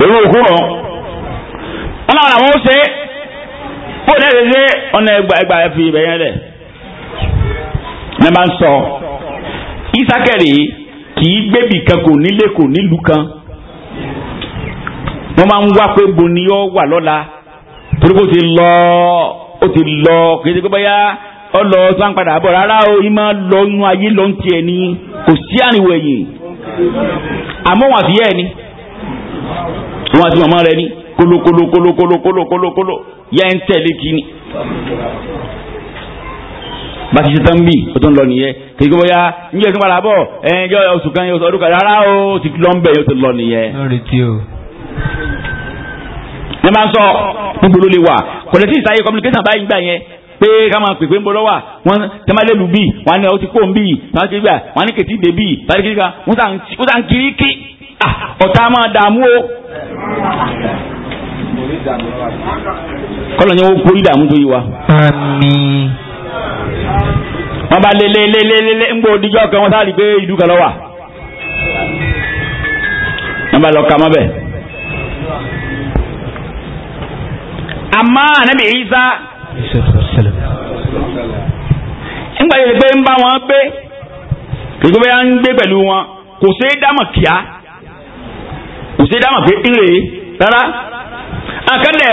èrò hmm. òkú ọ. ọlọ́run àwọn ó ṣe fóònù ẹ̀ ṣe ọ̀nà ẹgbà ẹgbà ẹ̀ fi ibẹ̀ yẹn lẹ̀. ní bá ń sọ ìsákẹ́rì kì í gbébì kan kò nílé kò nílùú kan wọ́n máa ń wá pé bo ni yóò wà lọ́la torí kò ti lọ ó ti lọ kì í ṣe pé bóyá ọ lọ sàn padà bọ̀ rárá o ìmọ̀ lọ inú ayé lọ ń tiẹ̀ ni kò sí àrìnwò ẹ̀yìn àmọ́ wọn àti yẹ́ ẹ̀ ni wọn àti màmá rẹ ni kólókólókólókólókólókóló yẹ́ ń tẹ̀lé kíni bàtí ṣe tán bí o tó ń lọ nìyẹn kì í kó bóyá níjẹ́ ìsúnmọ́ àbọ̀ ẹ̀ẹ́dẹ́ oṣù kan ọdún kan rárá o ti lọ ń bẹ̀ yóò ti lọ nìyẹn ẹ máa ń sọ gbogbo ló lè wà kò lè tí ìsáyé communication báyìí ń gbà yẹn pé ká máa pèpè ń bọ́ lọ́wọ́ wọn tẹ́málẹ́lù bíi wọn á ní ọtí kóun bíi tàbí gbà wọn á ní kètí dè bíi tàbí kiri kan wọn sàn kiri kí ọ̀tá máa dààmú o. kọ́lọ̀ yẹn wọ́n kórìí dààmú tó yí wa. àmín. wọ́n bá lé lé lé lé lé ń bò díjọ́ kan wọ́n sáré gbé ìlú kan lọ́wọ́. wọ́n bá lọ ka mọ́ bẹ́ẹ̀ àmọ́ ànábì isa nígbà yẹn pé ń bá wọn gbé kí ló bá ń gbé pẹ̀lú wọn kò sí dámọ̀ kíá kò sí dámọ̀ pé ire rárá akadẹ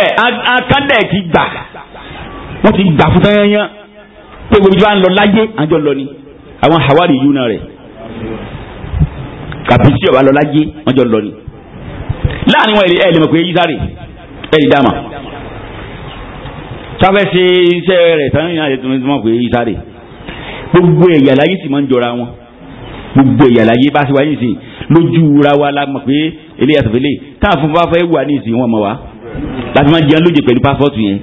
akadẹ ti gbà wọn ti gbà fún tẹ́yẹ́yẹ́ pé gbogbo ìjọba ń lọ láyé àjọ lọ ni àwọn hawari yìí náà rẹ̀ kàbíyèsí ọba lọ láyé wọn lọ ni láàrin wọn ẹ lè mọ̀ pé yíṣàrè ẹ lè dá sáfẹ́ ṣe iṣẹ́ rẹ̀ tán yàn àyè tuntun mọ̀ pé ìsáré gbogbo ẹ̀yà láyé sì máa ń jọra wọn gbogbo ẹ̀yà láyé bá ṣe wáyé nìsín lójú ra wa la mọ̀ pé eléyà tó fi lé táà fún bá fẹ́ wà ní ìsìn wọn mọ̀ wá láti máa jẹun lóje pẹ̀lú pásítọ̀tù yẹn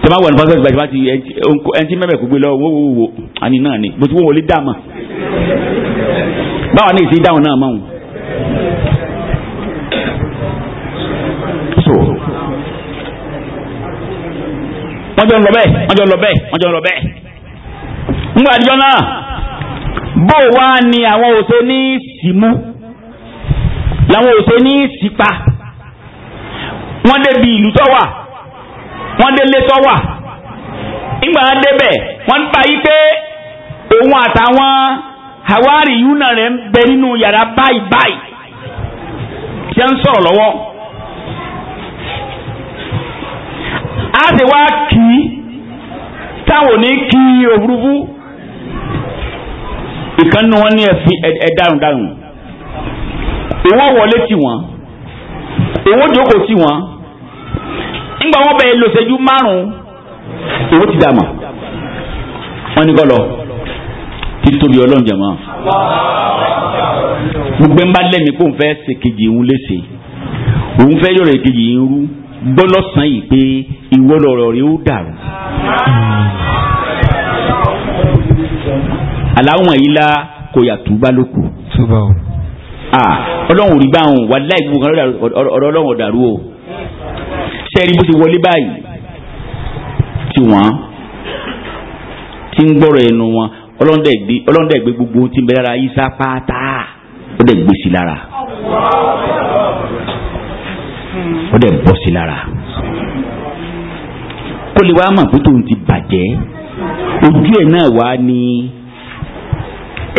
tí a máa wà ní pásítọ̀tù gbàgbé láti ẹni tí mẹ́mẹ́ kò gbé lọ wọ́wọ́wọ́ àní náà ni bó ti wọ́n wọlé dáàmà báwa ní ìsìn dáhùn náà máa wù wọ́n jọ ń lọ bẹ́ẹ̀ wọ́n jọ ń lọ bẹ́ẹ̀ wọ́n jọ ń lọ bẹ́ẹ̀. ńgbà àdìjọ náà bó wá ni àwọn òṣè ní ìsìmú làwọn òṣè ní ìsìpa wọ́n débi ìlú tó wà wọ́n délé tó wà ńgbà wọn ń pa yí pé òun àtàwọn àwárí yúnà rẹ̀ ń bẹ nínú yàrá báyìí báyìí tí wọ́n ń sọ̀rọ̀ lọ́wọ́. á sì wá kì í táwọn ò ní kí òfurufú ìkànnì wọn ní ẹfin ẹdarùndarùn ìwọ wọlé tì wọn ìwọ jókòó tì wọn ńgbà wọn bẹ lọsẹjú márùn ìwọ ti dàmà wọn ní kọlọ títóbi Ọlọ́run gbogbo ń bá lẹ́mìí kó n fẹ́ ṣe kejì ń léṣe òun fẹ́ yọ̀rọ̀ kejì ń rú gbọ́lọ́sàn yìí pé ìwọ lọ̀rọ̀ rẹ ó dàrú. aláwọ̀ yìí la kò yàtú bá ló kù. ọlọ́run ò rí bá wọn wàláì gbogbo kan ọ̀rọ̀ ọlọ́run ọ̀dàrú o sẹ́ẹ̀rí bó ti wọlé báyìí tí wọ́n ti ń gbọ́rọ̀ ẹnu wọn ọlọ́dẹ̀ gbé gbogbo tí ń bẹ lára yísà pátá ọlọ́dẹ̀ gbé sí lára ó dẹ̀ bọ́ sí lára kó lè wá mọ̀ pé tòun ti bàjẹ́ ojú ẹ̀ náà wá ní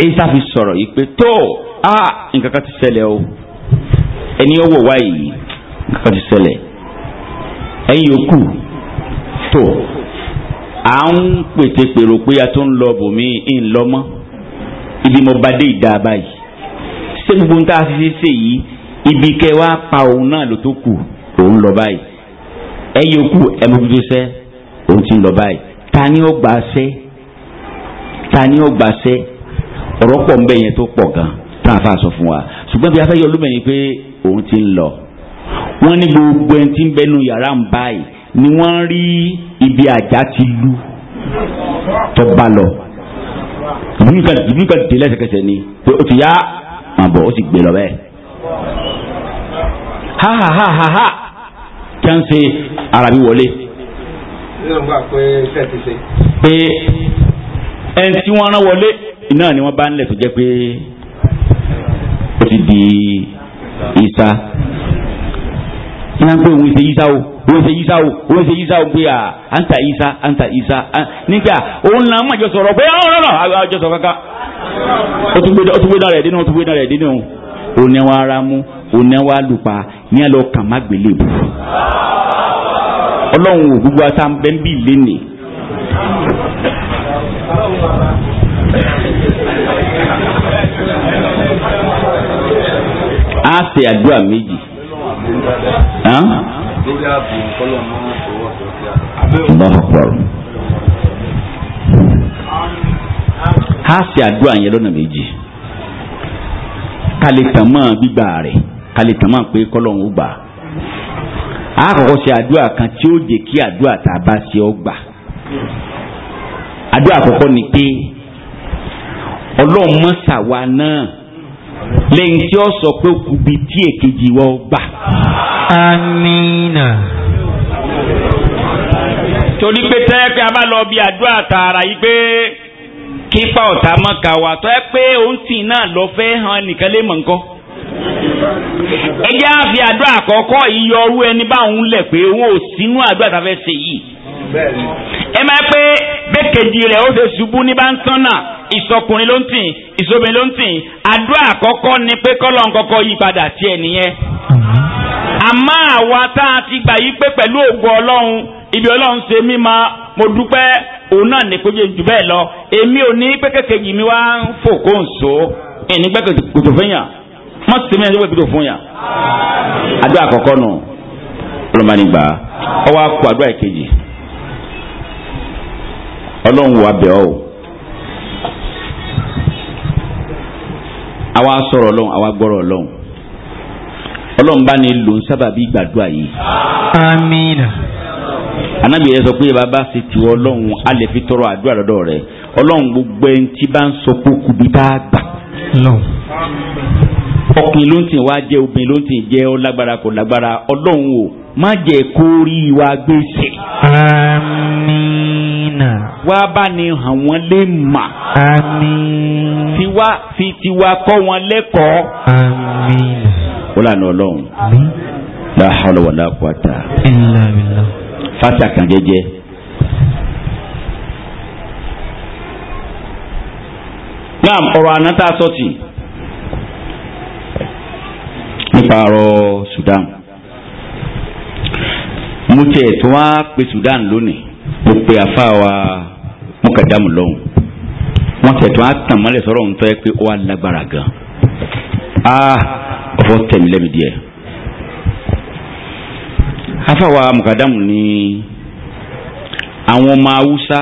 ẹ̀yíṣà fi sọ̀rọ̀ yìí pé tó a nǹkan kan ti ṣẹlẹ̀ o ẹni ọwọ́ wá yìí nǹkan kan ti ṣẹlẹ̀ ẹ̀yin yòókù tó à ń pètèpèrò pé a tó ń lọ bòmí ń lọ mọ́ ibi mo bá dé ìdá báyìí ṣé gbogbo ń tá a fi ṣe yìí ibi kẹ wá pa òun náà ló tó kù òun lọ báyìí ẹ yòókù ẹ mú tuntun sẹ òun ti lọ báyìí ta ni ó gbà sẹ ta ni ó gbà sẹ ọ̀rọ̀ pọ̀ ń bẹ yẹn tó pọ̀ gan tá a fà sọ fún wa ṣùgbọ́n bí a fẹ́ yọ olúmọ̀ yìí pé òun ti lọ wọ́n ní gbogbo ẹni tí ń bẹnu yàrá ń báyìí ni wọ́n rí ibi àjà ti lu tó bá lọ ìbí nǹkan dé lẹ́sẹ̀kẹsẹ̀ ni pé ó ti yá màbọ̀ ó sì gbé lọ bẹ́ẹ̀ ha ha ha ha ha kí wọ́n ṣe arabi wọlé. pé ẹni tí wọ́n rán wọlé iná ni wọ́n bá ń lẹ̀ tó jẹ́ pé ó ti di isa iná ń pè òun ṣe isa o òun ṣe isa o òun ṣe isa o pé à à ń ta isa à ń ta isa nígbà òun là ń mọ̀jọ sọ̀rọ̀ pé ọ̀rọ̀ àjọsọ̀ kankan ó tún gbé dán rẹ̀ dínú ó tún gbé dán rẹ̀ dínú. òun aramu wọn ni wọn alùpà kàn má gbélé ọlọ́run ò gbogbo ata ń bẹ́ ń a ṣe àdúrà méjì. a ṣe àdúrà yẹn lọ́nà kálẹ̀ tàn mọ́ gbígbà rẹ̀ kálẹ̀ tàn mọ́ pé kọ́lọ́hún ó gbà á. a kọ́kọ́ ṣe àdúrà kan tí ó jẹ́ kí àdúrà tá a bá ṣe ọ́ gbà. àdúrà àkọ́kọ́ ni pé ọlọ́run mọ́sàwá náà lẹ́yìn tí ó sọ pé kù tí èkejì wọ́n gbà. amiina. torí pé tẹ́ pé a bá lọ bí àdúrà tààrà yìí pé. kípa ọ̀tá mọ́ka wa tọ́ ẹ pé òun tì náà lọ fẹ́ hàn nìkan lè mọ̀ nǹkan. ẹ jẹ́ àfi àdúrà àkọ́kọ́ yìí yọ ọrú ẹni báwọn lẹ̀ pé òun ò sínú àdúrà tá yìí. ẹ máa pé bẹ́ẹ̀kejì rẹ̀ ó ṣe ṣubú ní ìsọkùnrin ló ń tì ló ń tì àkọ́kọ́ ni pé kọ́lọ́ kọ́kọ́ yí padà nìyẹn. ibi ọlọ́run ṣe mí ma mo dúpẹ́ òun náà ní péjẹ jù bẹ́ẹ̀ lọ èmi ò ní pẹ́kẹ́kẹ́jì mi wá ń fò kó n so ẹni gbẹ́kẹ̀ kòtò fún yàn mọ́ sí mi ẹni kòtò fún yàn. adó àkọ́kọ́ nù ọlọ́mọdégbà adó o àwa sọ̀rọ̀ anabi yẹn sọ pé bàbá ṣe ti ọlọ́run a lè fi tọrọ àdúrà lọ́dọ̀ rẹ̀ ọlọ́run gbogbo ẹni tí bá ń sọ pé kùbí bá gbà. ọkùnrin ló ń tì wá jẹ obìnrin ló ń tì jẹ ọ lágbára kò lágbára ọlọ́run o má jẹ kó rí wa gbèsè. amiina. wá bá ní hàn lè mà. amiina. tiwa fi tiwa kọ́ wọn lẹ́kọ̀ọ́. amiina. ó lànà ọlọ́run. la hawla wala quwata. illa billah fásitì àkànjẹjẹ. naam ọ̀rọ̀ àná tá a sọ tì nípa ọ̀rọ̀ Sudan mo tiẹ̀ tó wá pe Sudan lónìí mo pe àfa wa mo kà dá mu lọ́hùn wọ́n tiẹ̀ tó wá tàn mọ́lẹ̀ sọ̀rọ̀ ń tọ́ ẹ pé ó wà lágbára gan-an ah ọ̀fọ̀ tẹ̀mílẹ́mi díẹ̀ afáwa mukadamu ni àwọn ọmọ haúsá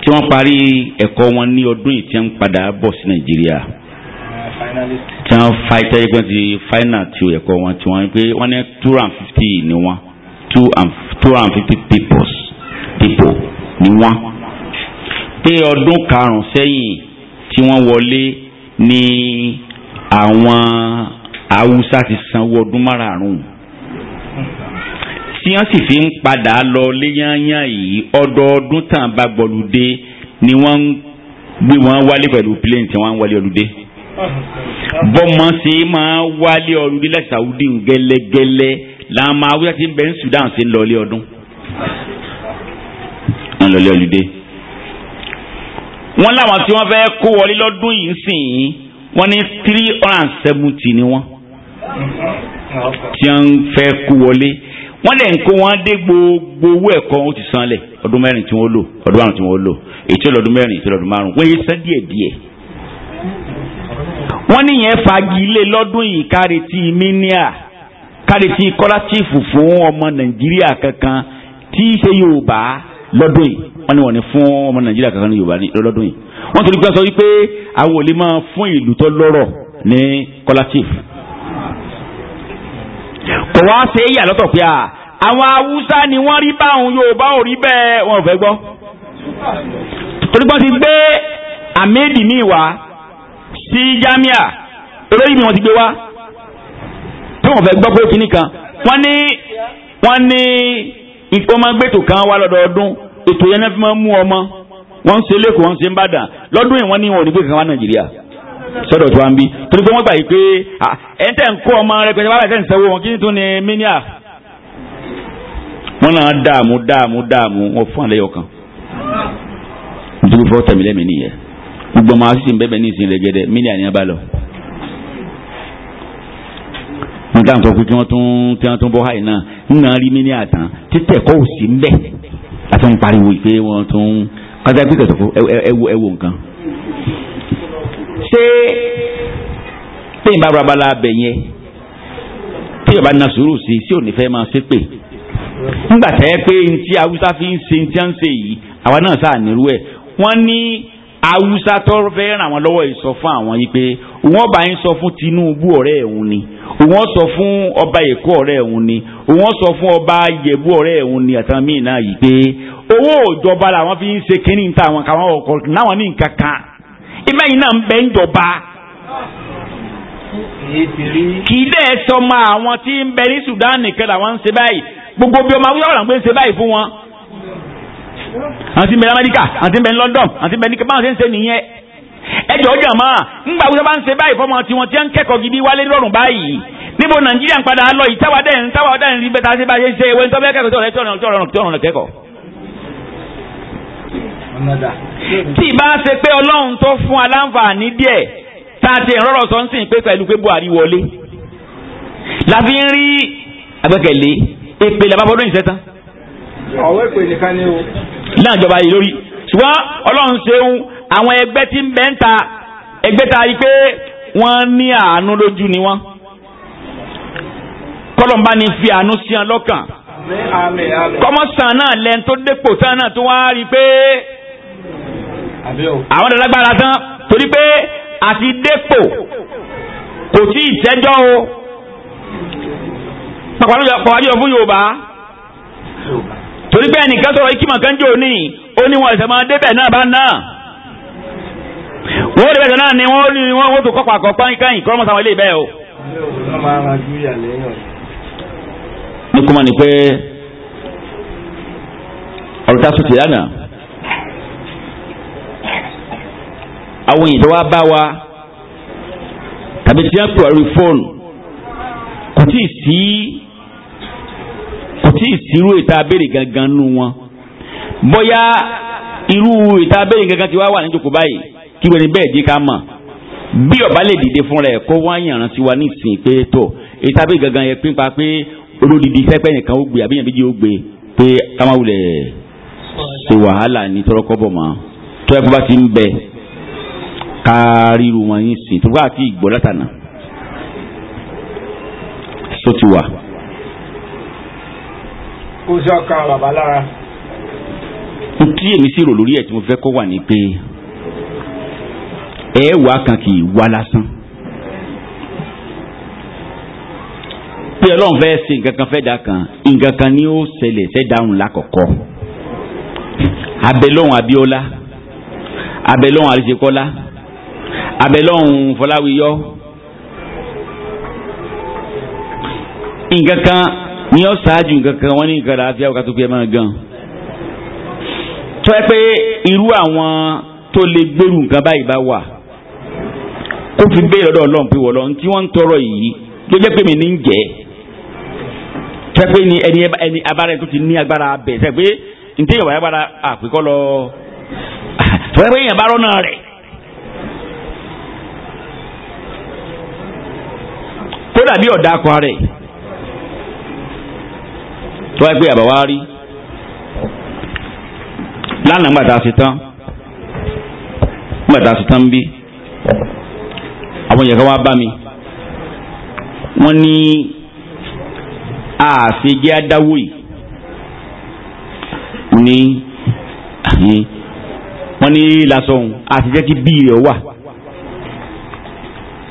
tí wọ́n parí ẹ̀kọ́ wọn ní ọdún yìí tí wọ́n padà bọ̀ sí nàìjíríà tí wọ́n fa ìtẹ́jú pé ti fáínà ti ẹ̀kọ́ wọn tí wọ́n pé wọ́n ní two and fifty ni wọ́n two and two and fifty peoples people ni wọ́n pé ọdún karùn-ún sẹ́yìn tí wọ́n wọlé ní àwọn haúsá ti sanwó ọdún márààrún tí wọ́n sì fi ń padà lọ léyányá yìí ọdọọdún tàn bá gbọ́lùdé ni wọ́n ń gbé wọn wálé pẹ̀lú plane tí wọ́n ń wálé ọlùdé. bọ́mọ sí máa wálé ọlùdé láti sàwùdí gẹ́lẹ́gẹ́lẹ́ làwọn máa wíwá ti ń bẹ ń Sudan sí ń lọlé ọdún. ń lọlé ọlùdé. wọ́n láwọn tí wọ́n fẹ́ kó wọlé lọ́dún yìí sìn yín wọ́n ní three hundred and seventy ni wọ́n tí wọ́n fẹ́ kó wọlé wọ́n lè ń kó wọn dé gbogbo owó ẹ̀kọ́ wọn ó ti san lẹ̀ ọdún mẹ́rin tí wọ́n lò ọdún márùn tí wọ́n lò ètò ọdún mẹ́rin ètò ọdún márùn wọ́n yé sẹ́ díẹ̀ díẹ̀. wọ́n níyẹn fagilé lọ́dún yìí kárìtì míníà kárìtì kọ́látìfù fún ọmọ nàìjíríà kankan tí í ṣe yorùbá lọ́dún yìí wọ́n ní wọ́n ní fún ọmọ nàìjíríà kankan ní yorùbá lọ́dún yìí wọ́n torí pé wọ́n sọ wípé àwọn ò máa fún ìlú tó lọ́rọ̀ ní kọ́látìfù kò wá ṣe é yà lọ́tọ̀ pé àwọn haúsá ni wọ́n rí báwọn yorùbá ò rí bẹ́ẹ̀ wọn ò fẹ́ gbọ́. torípọ́n ti gbé ahmed ní ìwà sí jamia olóyìn mi wọ́n ti gbé wá tí wọ́n fẹ́ gbọ́ pé kinní kan wọ́n ní wọ́n ní ìpọ́nmọ́gbẹ́tò kan wá lọ́dọọdún ètò yẹn náà fi máa ń mú ọmọ wọ́n ń ṣe lẹ́kọ̀ọ́ wọ́n ń ṣe ń bàdàn lọ́dún yìí wọ́n ní wọn ò ní gbé kankan wá nàìjíríà sọ́dọ̀ tí wàá ń bí torí pé wọ́n gbà yìí pé ẹ̀ ń tẹ̀ ń kó ọmọ rẹ pẹ̀lú wàhálà ìtẹ̀sí sẹ́wọ́ wọn kí ni tún ni míníà. wọ́n náà dààmú dààmú dààmú wọn fún àlẹ́ yọkan. nítorí fọ́ tẹ̀mí lẹ́mìí nìyẹn gbogbo ọmọ asísìn bẹ́ẹ̀ bẹ́ẹ̀ ní ìsìn rẹ̀gẹ́dẹ́ míníà ni a bá lọ. wọ́n dáhùn sọ pé kí wọ́n tún kí wọ́n tún bọ́ háì náà nínú rí míníà tán títẹ̀ kọ́ ò ṣé téèyàn bá rabala abẹ yẹn téèyàn bá na sùúrù sí sí òní fẹ́ máa ṣe pé nígbà tẹ́ ẹ pé ntí awúsá fi ń ṣe ntí à ń ṣe yìí àwa náà sáà nírú ẹ̀ wọ́n ní awúsá tó fẹ́ ràn wọ́n lọ́wọ́ yìí sọ fún àwọn yìí pé wọ́n bá yín sọ fún Tinubu ọ̀rẹ́ ẹ̀hún ni wọ́n sọ fún ọba Èkó ọ̀rẹ́ ẹ̀hún ni wọ́n sọ fún ọba Yẹ̀bú ọ̀rẹ́ ẹ̀hún ni àtàwọn míì náà yìí pé owó ìjọba làwọn fi ń ṣe kínní ta àwọn káwọn ọkọ̀ náwọn ní nǹkan kan ibẹ̀yìn náà ń bẹ ń jọba. kì í dẹ̀ sọ ma àwọn tí ń bẹ ní Sudan nìkan làwọn ń ṣe báyìí gbogbo bí ọmọ awúyọ̀ làwọn ń ṣe báyìí fún wọn. àwọn bẹ ní Amẹ́ríkà àwọn bẹ ní London àwọn tí ń bẹ ní báwọn ṣe ń ṣe nìyẹn. ẹ jọ̀ọ́ jọ̀ mọ́ ńgbà wúlọ́ bá ń ṣe báyìí fọmọ tiwọn tí wọ́n ń kẹ́kọ̀ọ́ gidi wálé lọ́rùn báyìí níbo Nàìjíríà ń padà lọ ìtawádẹ́ ń tawádẹ́ ń rí bẹ́ta tí bá ṣe pé ọlọ́run tó fún aláǹfààní díẹ̀ tá a ti rọrọ̀ sọ ń sìn pé pẹ̀lú pé Buhari wọlé la fi ń rí àgbẹ̀kẹ̀lé èpè làbá fọdún ìṣẹ́tàn. ọ̀wọ́ èpè nìkan ni o. náà jọba yìí lórí ṣùgbọ́n ọlọ́run ṣeun àwọn ẹgbẹ́ tí ń bẹ́ ń ta ẹgbẹ́ ta yìí pé wọ́n ní àánú lójú ni wọ́n kọ́lọ́mbà ni fi àánú sí wọn lọ́kàn kọ́mọ́sán náà lẹ́nu tó dépò sáà náà tó wá rí i pé àwọn tó lágbára tán torí pé àti dépò kò tí ì tẹ́jọ́ o pàpàlọ́jọ́ fún Yorùbá torí pé ẹnìkan sọ̀rọ̀ ikímọ̀ kan jò ní ó ní wọn ẹ̀sẹ̀ máa débẹ̀ náà bá náà wọ́n débẹ̀ náà ni wọ́n ní wọ́n wọ́n tó kọ́ pàkọ́ pánkáyìn kọ́ mọ́sàwọn ilé ìbẹ́ o. ní kúmọ̀ ni pé ọ̀rọ̀ tá a sọ tìyà náà. àwọn èèyàn tó wá bá wa tàbí tí wọ́n pè wá lórí fóònù kò tí ì sí kò tí ì sí irú ìta abéèrè gangan nù wọn bóyá irú ìta abéèrè gangan ti wá wà níjókòó báyìí kí wọ́n ní bẹ́ẹ̀ di ká mọ̀ bí ọba lè dìde fún rẹ̀ kó wọ́n yànrán sí wa nísìnyí pé tó ìta abéèrè gangan yẹn pípa pé olódìdí sẹ́pẹ́ nìkan ó gbé àbíyàn méjì ó gbé pé ká wulẹ̀ ṣe wàhálà ní tọrọkọ́bọ̀ mọ́ tó ẹ bá ti ń bẹ ká ríru wọn yín sìn tó bá àti ìgbọ́ látànà tó ti wà. kó sí ọkàn bàbá lára. n tí èmi sì rò lórí ẹ̀ tí mo fẹ́ kó wà ní pé ẹ wà kan kì í wá lásán. pé ọlọ́run fẹ́ ṣe nǹkan kan fẹ́ da kan nǹkan kan ni ó ṣẹlẹ̀ fẹ́ dáhùn lákọ̀ọ́kọ́ abẹ́lọ́hún abíọ́lá abẹ́lọ́hún àríṣekọ́lá abẹ́lọ́hún fọláwíyọ́ nǹkan kan ni ọ ṣáájú nǹkan kan wọ́n ní nǹkan àlàáfíà ọ̀ká tó fi ẹ̀ máa gan tọ́ ẹ pé irú àwọn tó lè gbèrú nǹkan báyìí bá wà kó fi bẹ́ẹ̀ lọ́dọ̀ ọlọ́run pé wọ́lọ́run tí wọ́n ń tọrọ yìí ló jẹ́ pé mi ní ń jẹ́ tẹ́ pé ni ẹni ẹni abára tó ti ní agbára bẹ̀ tẹ́ pé ntẹ́yìn àpèkọ́ lọ tọ́ pé èèyàn bá rọ́nà rẹ̀ kódà bí ọ̀dà kan rẹ̀ tó wáyé pé àbá wa rí lánàá ńgbà tá a ṣe tán ńgbà tá a ṣe tán ń bí àwọn èèyàn kan wá bá mi wọ́n ní àṣejẹ́ adáwó yìí ní wọ́n ní lásán àṣejẹ́ kí bíi rẹ̀ wà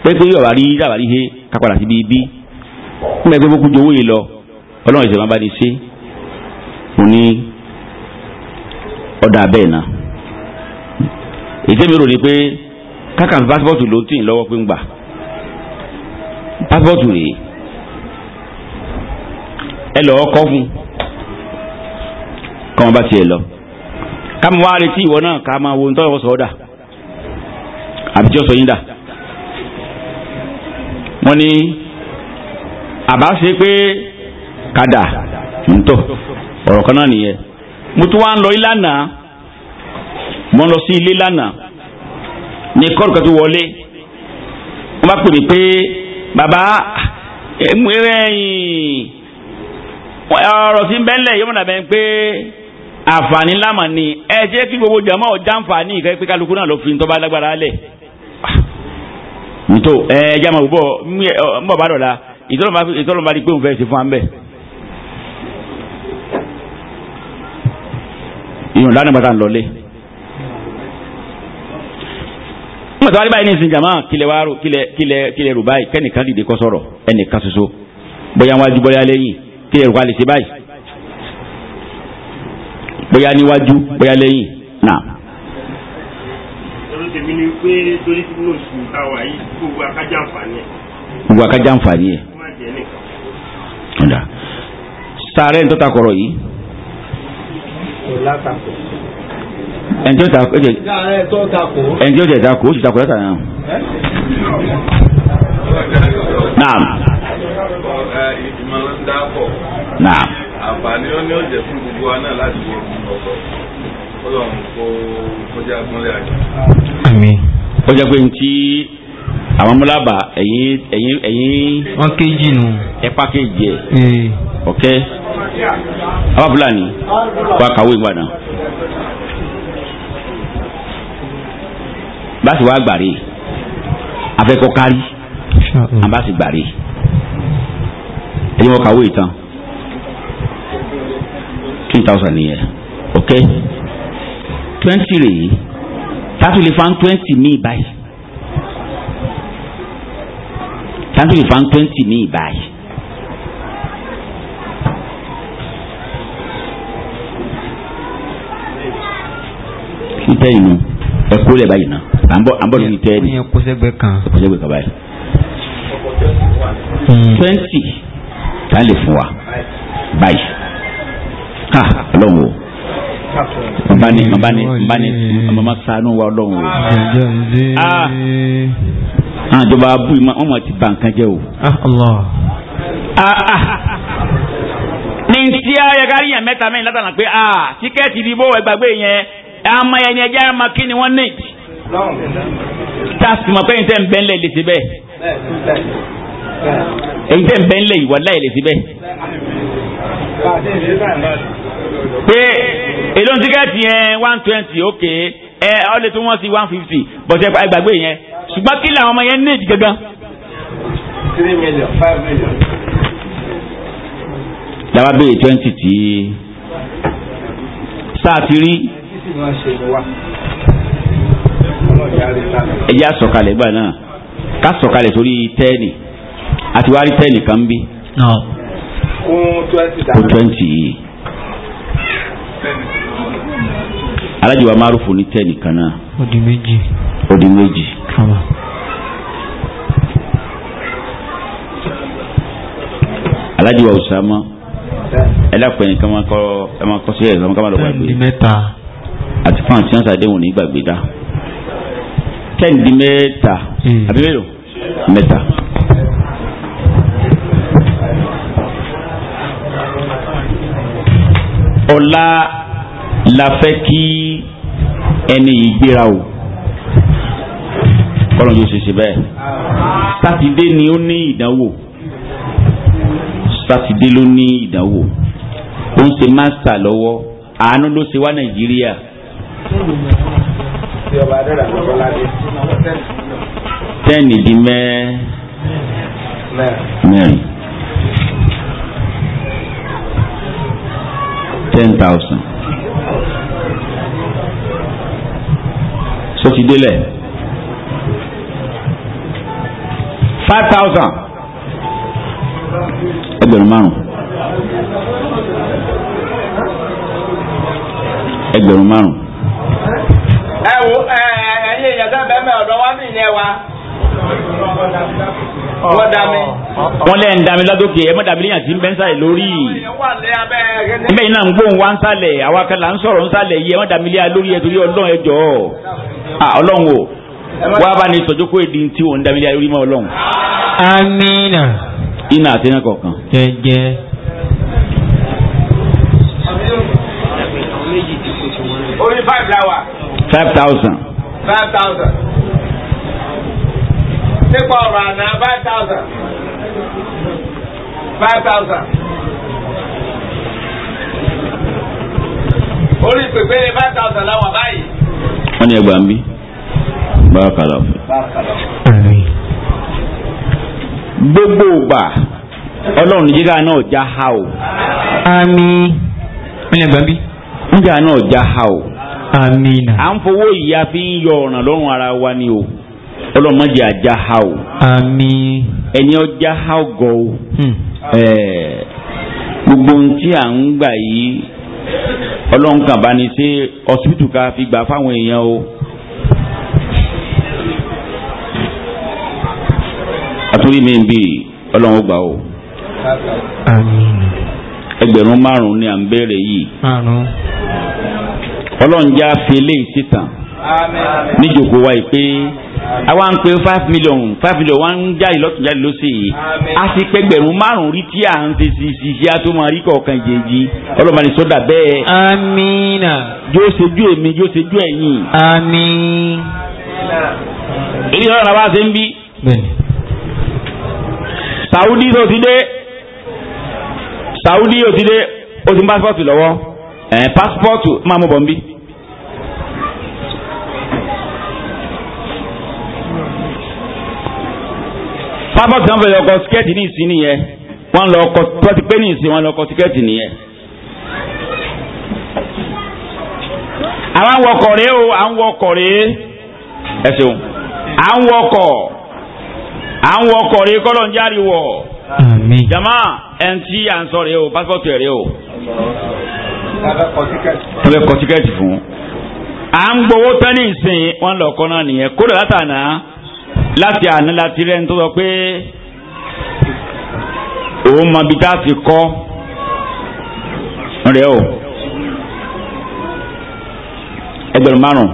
pé pé yọ̀bá rí yàrá rí he ká padà síbi ibi nígbà tí gbogbo jowó yìí lọ ọlọ́run ìṣẹ̀lẹ̀ bá ní ṣe mo ní ọ̀dà bẹ́ẹ̀ náà ètò mi rò ní pé káka mi pásítọ̀tù ló tì lọ́wọ́ pé ń gbà pásítọ̀tù rèé ẹ lọ́ọ́ kọ́ fún kọ́ wọn bá tiẹ̀ lọ ká mo wá retí ìwọ náà ká máa wo ní tọ́lọ́wọ́ sọ̀ọ́dà àbíjọ́ sọ yín dà wọ́n ní àbá ṣe pé kàdà ń tọ̀ ọ̀rọ̀ kan náà nìyẹn mo tún wá ń lọ ìlànà mo ń lọ sí ilé lánàá ní kọ́ọ̀lù kan tó wọlé wọ́n bá pè mí pé bàbá ẹ̀mú ọ̀rọ̀ sí bẹ́ńlẹ̀ yóò mọ̀ dàbẹ́ pé àǹfààní lámà ni ẹ jẹ́ kí gbogbo jàmọ́ ọ̀jà àǹfààní ìkẹ́ pé kálukú náà ló fi ń tọ́ bá lágbára lẹ̀ nítò ẹ ẹja máa bọ̀ ń bọ̀ bá dọ̀la ìtọ́lọ́mọba di pé òun fẹ́ ṣe fún wa ń bẹ̀. ìrùn lánàá bàtà ń lọlé. ń bàtà wà níbàyìí ní ìsìn ni kílẹ̀ wá kílẹ̀ kílẹ̀ kílẹ̀ rò báyìí kẹ́nìkan dìde kọ́ sọ̀rọ̀ ẹnìkan ṣoṣo bóyá wájú bóyá lẹ́yìn kílẹ̀ rò wá lè ṣe báyìí bóyá níwájú bóyá tèmi ni pé torí tí mo sùn táwa yìí gbogbo akájà àǹfààní ẹ̀. gbogbo akájà àǹfààní ẹ̀. ọ̀dà sàárẹ̀ ń tọ́ta kọ̀rọ̀ yìí. ẹnjọ́ ta kó ta kó o sì ta kó lẹ́tà náà. naam. naam. Ọlọ́run kó kọjá gúnlẹ̀ àjọ. àmín. kọjá pé ntí àwọn múlábà ẹ̀yìn ẹ̀yìn ẹ̀yìn. wọ́n kéjì nù. ẹ pàkéjì ẹ̀. ọ̀kẹ́ àwọn fúlàní wà kàwé gbàdàn. báṣì wá gbàre afẹ́kọ́ kárí àbáṣì gbàre ẹ̀yìn wọ́n kàwé tán two thousand nìyẹn ọ̀kẹ́. Okay? twenty rèé tátùlì fan twenty míì báyìí tátùlì fan twenty míì báyìí. títẹ́ inú ẹ̀kọ́ lẹ̀ báyìí náà à ń bọ̀ à ń lórí tẹ́ ẹni. ẹ̀kọ́ kan. ẹ̀kọ́ kan báyìí. twenty tá a fún wa báyìí. ha ọlọ́run o. mbani mbani mbani mama sanu wa Ọlọ́run o. aa ah. ah. àwọn ah, ìjọba abu ma wọn ma ti ba nǹkan jẹ́ o. ní ti ayẹ kárí yẹn mẹ́ta mẹ́rin látàlá pé a tíkẹ́ẹ̀tì ìdìbò ẹgbàgbé yẹn àmọ́ yẹn ni ẹjẹ́ àmọ́ kí ni wọ́n ní. tá mọ̀ pé ẹ̀yin tẹ́ ń bẹ́ bẹ́ẹ̀. ẹ̀yin tẹ́ ń bẹ́ ìwọ́lá ẹ̀ lè ṣe bẹ́ẹ̀. pé èló tíkẹ́ẹ̀tì yẹn one twenty ok ẹ ọ lè tún wọ́n sí one fifty bọ̀sẹ̀ gbàgbé yẹn ṣùgbọ́n kí làwọn ọmọ yẹn ní èjì gangan. three million five million. làwa béèrè twenty tí sáà ti rí. ẹ̀yà sọ̀kalẹ̀ gbà náà ká sọ̀kalẹ̀ sórí tẹ́ẹ̀nì àti wárí tẹ́ẹ̀nì kan bí. kún twenty alájọ wa márùfù ní tẹ́ẹ̀nì kan náà. ó di méjì. ó di méjì. alájọ wa Usama ẹ dákun ẹnìkan máa kọ ẹ máa kọ sí ẹ lọ́mọ ká máa lọ gbàgbé. tẹ́ẹ̀nì mẹ́ta. àti fáwọn tí wọ́n sàdéhùn ní gbàgbé dá. tẹ́ẹ̀nì mẹ́ta àbí mélòó mẹ́ta. ọ̀la la fẹ́ kí ẹni yìí gbéra o kọ́lọ́n yóò ṣe bẹ́ẹ̀ sátidé ni ó ní ìdánwò sátidé ló ní ìdánwò ó ń ṣe mástà lọ́wọ́ àánú ló ṣe wá nàìjíríà tẹ́ẹ̀nì di mẹ́rin. ten so ti délẹ̀ five ẹgbẹ̀rún márùn ẹgbẹ̀rún márùn. ẹ wo ẹyin ìyàtọ̀ bẹ́ẹ̀ mẹ́ ọ̀dọ́ wa ní wa. wọ́n lẹ́ ń dami ládòkè ẹ̀ mọ́ dàbí léyàn tí ń bẹ́ ń sàlẹ̀ lórí. ẹ̀mẹ́ iná ń gbóhùn wá ń sàlẹ̀ àwa kan là ń sọ̀rọ̀ ń sàlẹ̀ yìí ẹ̀ mọ́ dàbí léyà lórí ẹ̀ torí ọlọ́run ẹ jọ ọlọ́run o wá bá ní tọ́jú kó èdè tí òun dàbí léyà lórí mọ́ ọlọ́run. amina. iná àti iná kọ̀ọ̀kan. jẹjẹ. five thousand. five thousand. take over na 5,000. 5,000. five thousand láwọn báyìí. five thousand ẹgbàá ń bí bárakàlà gbogbo ògbà ọlọ́run jíga náà já ha o. ní ẹgbàá náà já ha o. na à ń fowó ìyá fi ń yọ ọ̀ràn lọ́rùn ara wa ni o. ọlọ́mọdé ajá ha o. àmín. ẹni ọjà ha gọ o. Hmm. gbogbo ohun tí à ń gbà yìí ọlọ́run kan bá ní ṣe ọsibítù ká fi gbà fáwọn èèyàn o. àtúrí mi ń bì ọlọ́run gbà o. àmín. ẹgbẹ̀rún márùn-ún ni à ń béèrè yìí. márùn fi eléyìí síta. àmín. níjókòó wa yìí pé àwa ń pe five million five million wọ́n ń jáde lọ́tún jáde lọ́sẹ̀ yìí a sì pé gbẹ̀rún márùn-ún rí tí à ń ṣe sí sí sí a tó máa rí kọ̀ọ̀kan jèjì ọlọ́mọdé sọ́dà bẹ́ẹ̀. amiina. yóò ṣojú èmi yóò ṣojú ẹ̀yìn. àmín. èyí sọ̀rọ̀ làwọn àṣẹ ń bí. Saudi tó ti dé Saudi ó ti dé ó ti ń pásítọ̀tù lọ́wọ́ pásítọ̀tù máa mú bọ̀ ń bí. pápákọ̀ náà fẹ́ lọ kọ skẹ́ẹ̀tì ní ìsín nìyẹn wọ́n lọ kọ tọ́tí pé ní ìsín wọ́n lọ kọ skẹ́ẹ̀tì nìyẹn. àwọn rèé o àwọn wọkọ̀ rèé ẹ ṣeun àwọn wọkọ̀ àwọn wọkọ̀ rèé kọ́lọ̀ ń járe wọ̀ jama ẹn tí rèé o pásítọ̀tì rèé o. tọ́lẹ̀ kọ tíkẹ́ẹ̀tì fún. à ń gbowó tán ní wọ́n lọ kọ́ náà nìyẹn kódà látàná. láti àná láti rẹ̀ ń tó sọ pé òun mọ ibi tá a ti kọ́ rẹ̀ o ẹgbẹ̀rún márùn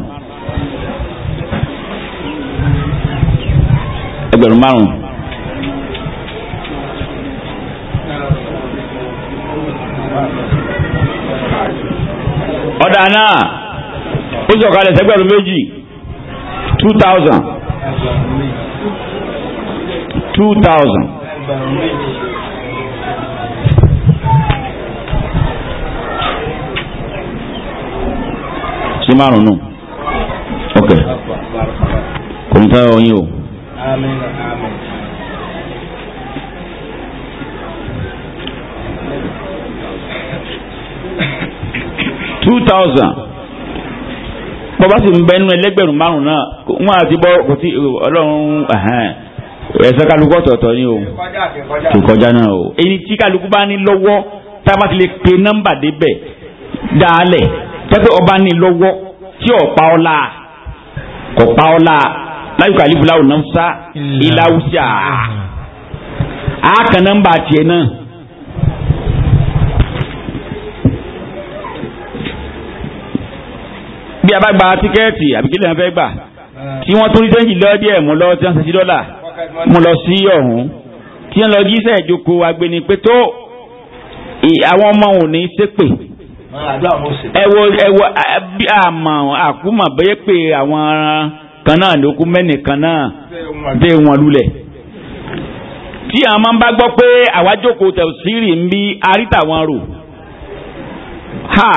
ẹgbẹ̀rún márùn. ọ̀dà náà ó sọ̀kalẹ̀ sẹ́gbẹ̀rún méjì two thousand two thousand. ṣé márùn nù ok kò ní ká yọ o. two thousand bọ́bá sì ń bẹ nínú ẹlẹ́gbẹ̀rún márùn náà wọn àti bọ́ kò tí ọlọ́run ẹ̀sẹ̀ kálukú ọ̀tọ̀ọ̀tọ̀ ni o kì í kọjá náà o èyí tí kálukú bá ní lọ́wọ́ tá a bá ti lè pe nọ́mbà débẹ̀ dáálẹ̀ tẹ́pẹ́ ọba ní lọ́wọ́ tí ọ̀pá ọ̀la ọ̀pá ọ̀la láyùká alíbùláwò náà sá ìlà nọ́mbà tiẹ̀ náà. bí a bá gba tíkẹ́ẹ̀tì àbí kílẹ̀ fẹ́ gbà tí ah. wọ́n tún rí sẹ́yìn lọ́ọ́ díẹ̀ mú lọ tí wọ́n ṣe sí dọ́là mú lọ sí ọ̀hún tí wọ́n lọ jíṣẹ́ ìjókòó agbeni pé tó àwọn ọmọ ò ní ṣépè ah, ẹ wo ẹ wo àmọ́ àkúmọ̀ bẹ́ẹ̀ pé àwọn kan náà ló kú mẹ́nìkan náà dé wọn lulẹ̀ tí àwọn máa ń bá gbọ́ pé àwa jókòó tẹ̀síìrì ń bí arítàwọn rò ha.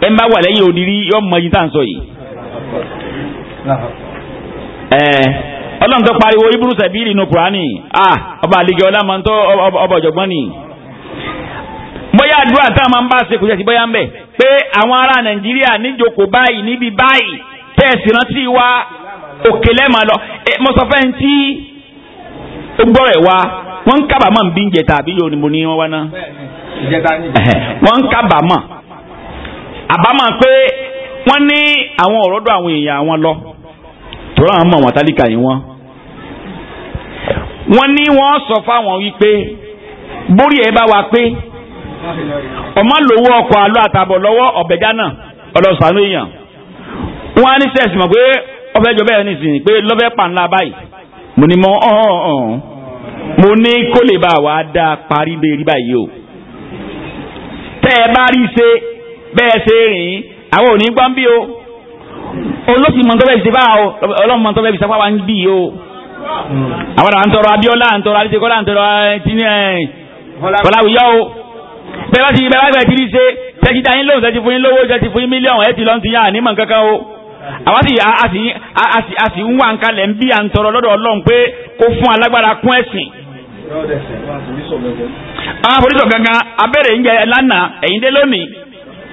ẹ má wà lẹ́yìn òdiri yọ mọ ẹyin tá à ń sọ yìí. ọlọ́run pariwo ibùrú sẹ̀bíìlì nù kùránì ọba àlejò ọlámọ̀ntọ́ ọba ọ̀jọ̀gbọ́n ni. bóyá àdúrà tá máa ń bá ṣe kò ti bóyá ń bẹ̀ pé àwọn ará nàìjíríà báyìí wa òkè ní mo àbámọ̀ pé wọ́n ní àwọn ọ̀rọ̀ dọ̀ àwọn èèyàn àwọn lọ tọ́lá àwọn mọ̀ wọ́n tálíkà yìí wọ́n. wọ́n ní wọ́n sọ fáwọn wípé bórí ẹ bá wa pé ọmọ lówó ọkọ̀ àlọ́ àtàbọ̀ lọ́wọ́ ọ̀bẹ̀já náà ọlọ́sàn-án èèyàn wọ́n á ní sẹ́ẹ̀sì mọ̀ pé ọbẹ̀ jọ bẹ́ẹ̀ nísìnyí pé lọ́fẹ́ pa ńlá báyìí mo ní mọ ọ̀hún mo ní kó lè bá wa dá parí lè rí báyìí o tẹ́ ẹ bá rí ṣe bẹ́ẹ̀ ṣe rìn àwọn ò ní gbọ́n bí o olóṣì mọ̀ tọ́lẹ̀ ìṣẹ́fà o ọlọ́mọ tọ́lẹ̀ ìṣẹ́fà wa ń bì o àwọn àwọn àǹtọ̀rọ̀ Abíọ́lá àǹtọ̀rọ̀ Adéṣekọ́lá àǹtọ̀rọ̀ eh, eh, Fọláwíyọ́ o bẹ́ẹ̀ bá ti bẹ́ẹ̀ bá bẹ́ẹ̀ ti rí ṣe tẹ́tí dá yín lóhùn tẹ́tí fún yín lówó tẹ́tí fún yín mílíọ̀nù ẹ̀ ti yá ànímọ̀ kankan o àwa sì a sì ń wà ń kalẹ̀ ń bí à ń tọrọ lọ́dọ̀ Ọlọ́run pé kó fún alágbára kún ẹ̀sìn. àwọn àforísọ̀ gangan abẹ́rẹ́ ń jẹ lánàá ẹ̀yìn dé lónìí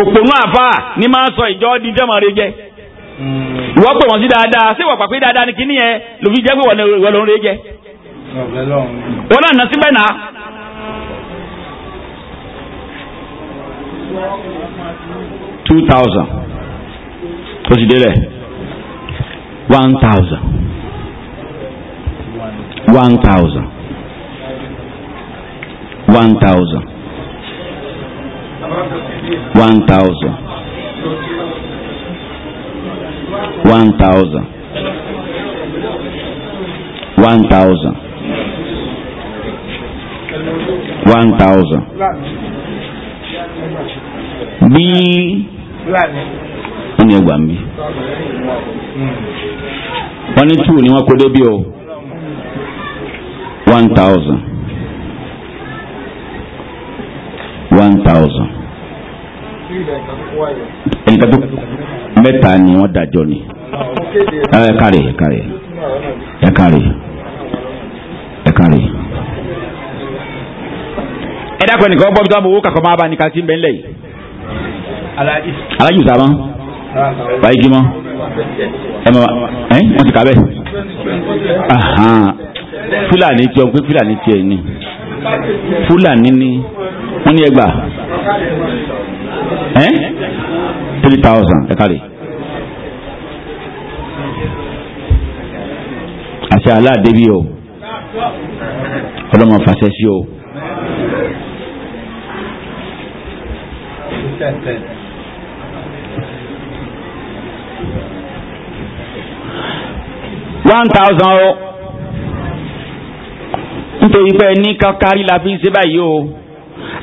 òpònú àfà ni máa ń sọ ìjọ di jẹ́mọ̀ rẹ jẹ́ ìwọ pè wọ́n sí dáadáa ṣé ìwà pàpé dáadáa ni kíní yẹn lòfi jẹ́ pé wọ́n lòún rẹ jẹ́ wọ́n náà nà síbẹ̀ náà. two thousand tó ti délẹ̀ one thousand one thousand one thousand one thousand one thousand one thousand one thousand bí wọ́n ní ẹgbàá mi wọ́n ní two ni wọ́n kó débi o one thousand. one thousand. ẹnìkan ni wọ́n dájọ́ ni ẹ kárí ẹ kárí ẹ kárí ẹ kárí. ẹ dákun ẹnìkan gbọ́ bí wọ́n mọ owó kakọ́ máa bá nìkan sí bẹ́ẹ̀ lẹ́yìn. alájú sábà báyìí kí mọ́ ẹ mọ̀ ẹ́ wọ́n ti kà bẹ́ẹ̀. fúlàní tiẹ̀ fúlàní tiẹ̀ ni fúlàní ni wọ́n ní ẹgbàá ẹ́ three thousand ẹ̀ka rè. àṣẹ aláàdé bí o ọlọ́mọ fàṣẹ sí o. one thousand o nítorí pé ní kárí la fi ń ṣe báyìí o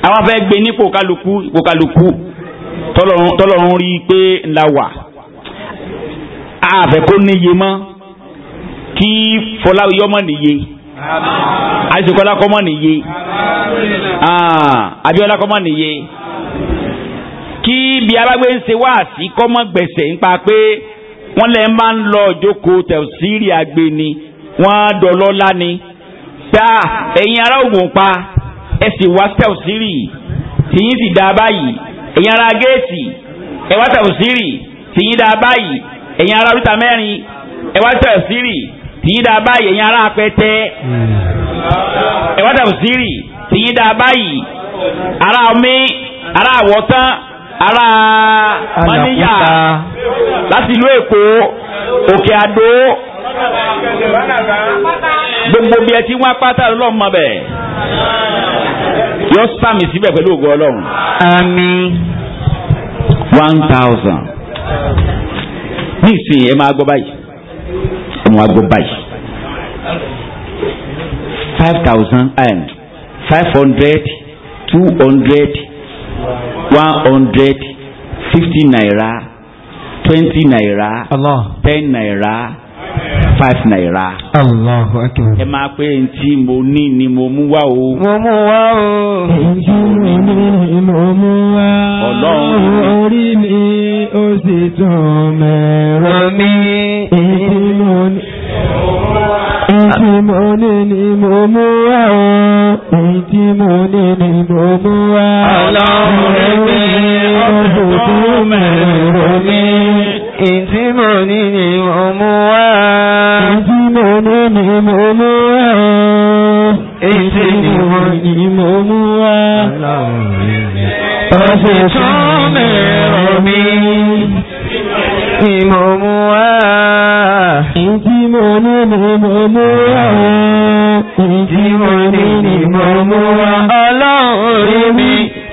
àwọn afẹ́ gbé nípò kálukú ipò kálukú tọ́lọ́run rí i pé ńlá wà àfẹ́ kó níye mọ́ kí fọláwíyọ́ mọ̀ níye àìsèkọ́lá kọ́ mọ̀ níye abíọ́lá kọ́ mọ̀ níye kí bí abágbé ń ṣe wáàsí kọ́ mọ̀ gbẹ̀sẹ̀ nípa pé wọ́n lẹ́ máa ń lọ ìjókòó tẹ̀síìrì àgbè ni wọ́n dọ̀lọ́lá ni. pé ara ògùn pa ẹ sì wá tẹ̀síìrì tìyín sì dáa báyìí ẹ̀yin ará géètì ẹ wá tẹ̀síìrì tìyín dáa báyìí ẹ̀yin ara oríta mẹ́rin ẹ wá tẹ̀síìrì tìyín dáa báyìí apẹtẹ ẹ wá tẹ̀síìrì dáa báyìí ará omi ará àwọ̀tán láti ìlú gbogbo bí ẹ ti wá pátá ọlọ́run mọ̀ bẹ́ẹ̀ yọ sàmì síbẹ̀ pẹ̀lú ògo ọlọ́run. àmín. one thousand ní ìsìn ẹ máa gbọ́ báyìí ẹ máa gbọ́ báyìí five thousand and five hundred two hundred one hundred fifty naira twenty naira ten naira five naira. Allahu akbar. ẹ máa pé ntí mo ní ni mo mú wá o. mo mú wá o. ntí mo ní ni mo mú wá. ọlọ́run orí mi ó sì tún mẹ́rọ mi. ntí mo ní ntí mo ní ni mo mú wá o. ntí mo ní ni mo mú wá. ọlọ́run orí mi ó sì tún mẹ́rọ mi ìtí mo ní ni mo mú wá. ìtí mo ní ni mo mú wá. ìtí mo ní ni mo mú wá. ọ̀sẹ̀ tún mẹ́rọ mi ni mo mú wá. ìtí ni mo mú wá. ìtí ni mo mú wá. ọlọ́run rí mi.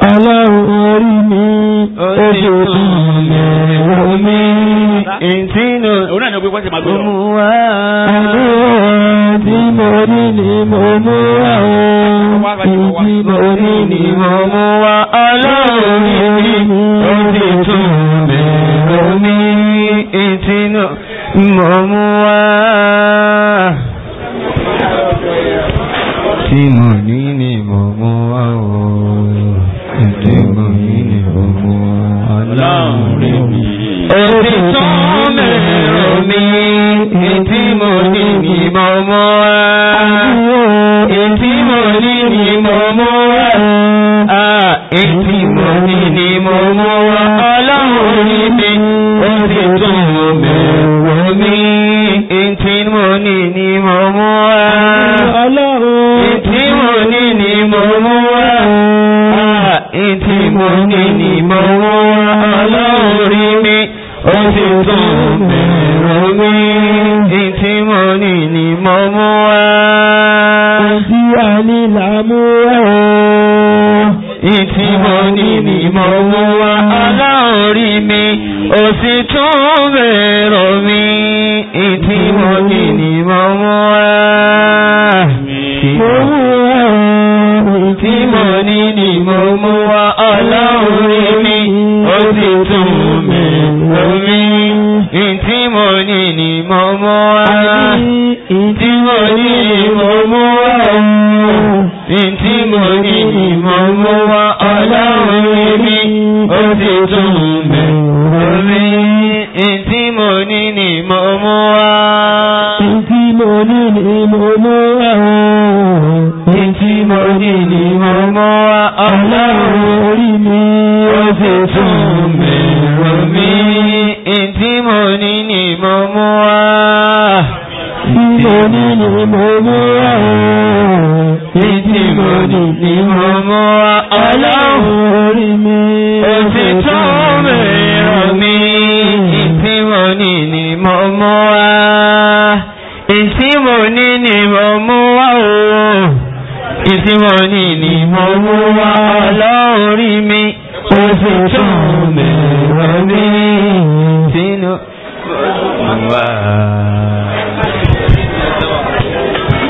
Ọlọ́run orí mi, ó ti bí ìyẹ̀wò mi. Ìtínú, òun náà ni ó pé mo rí ni mo mú wá o. ni mo mú wá. Ọlọ́run ti mo mú ni mo o. ọlọ́run rẹ̀ mi. Òbí tó mẹ́rọ mi, ètí ní ni mọ́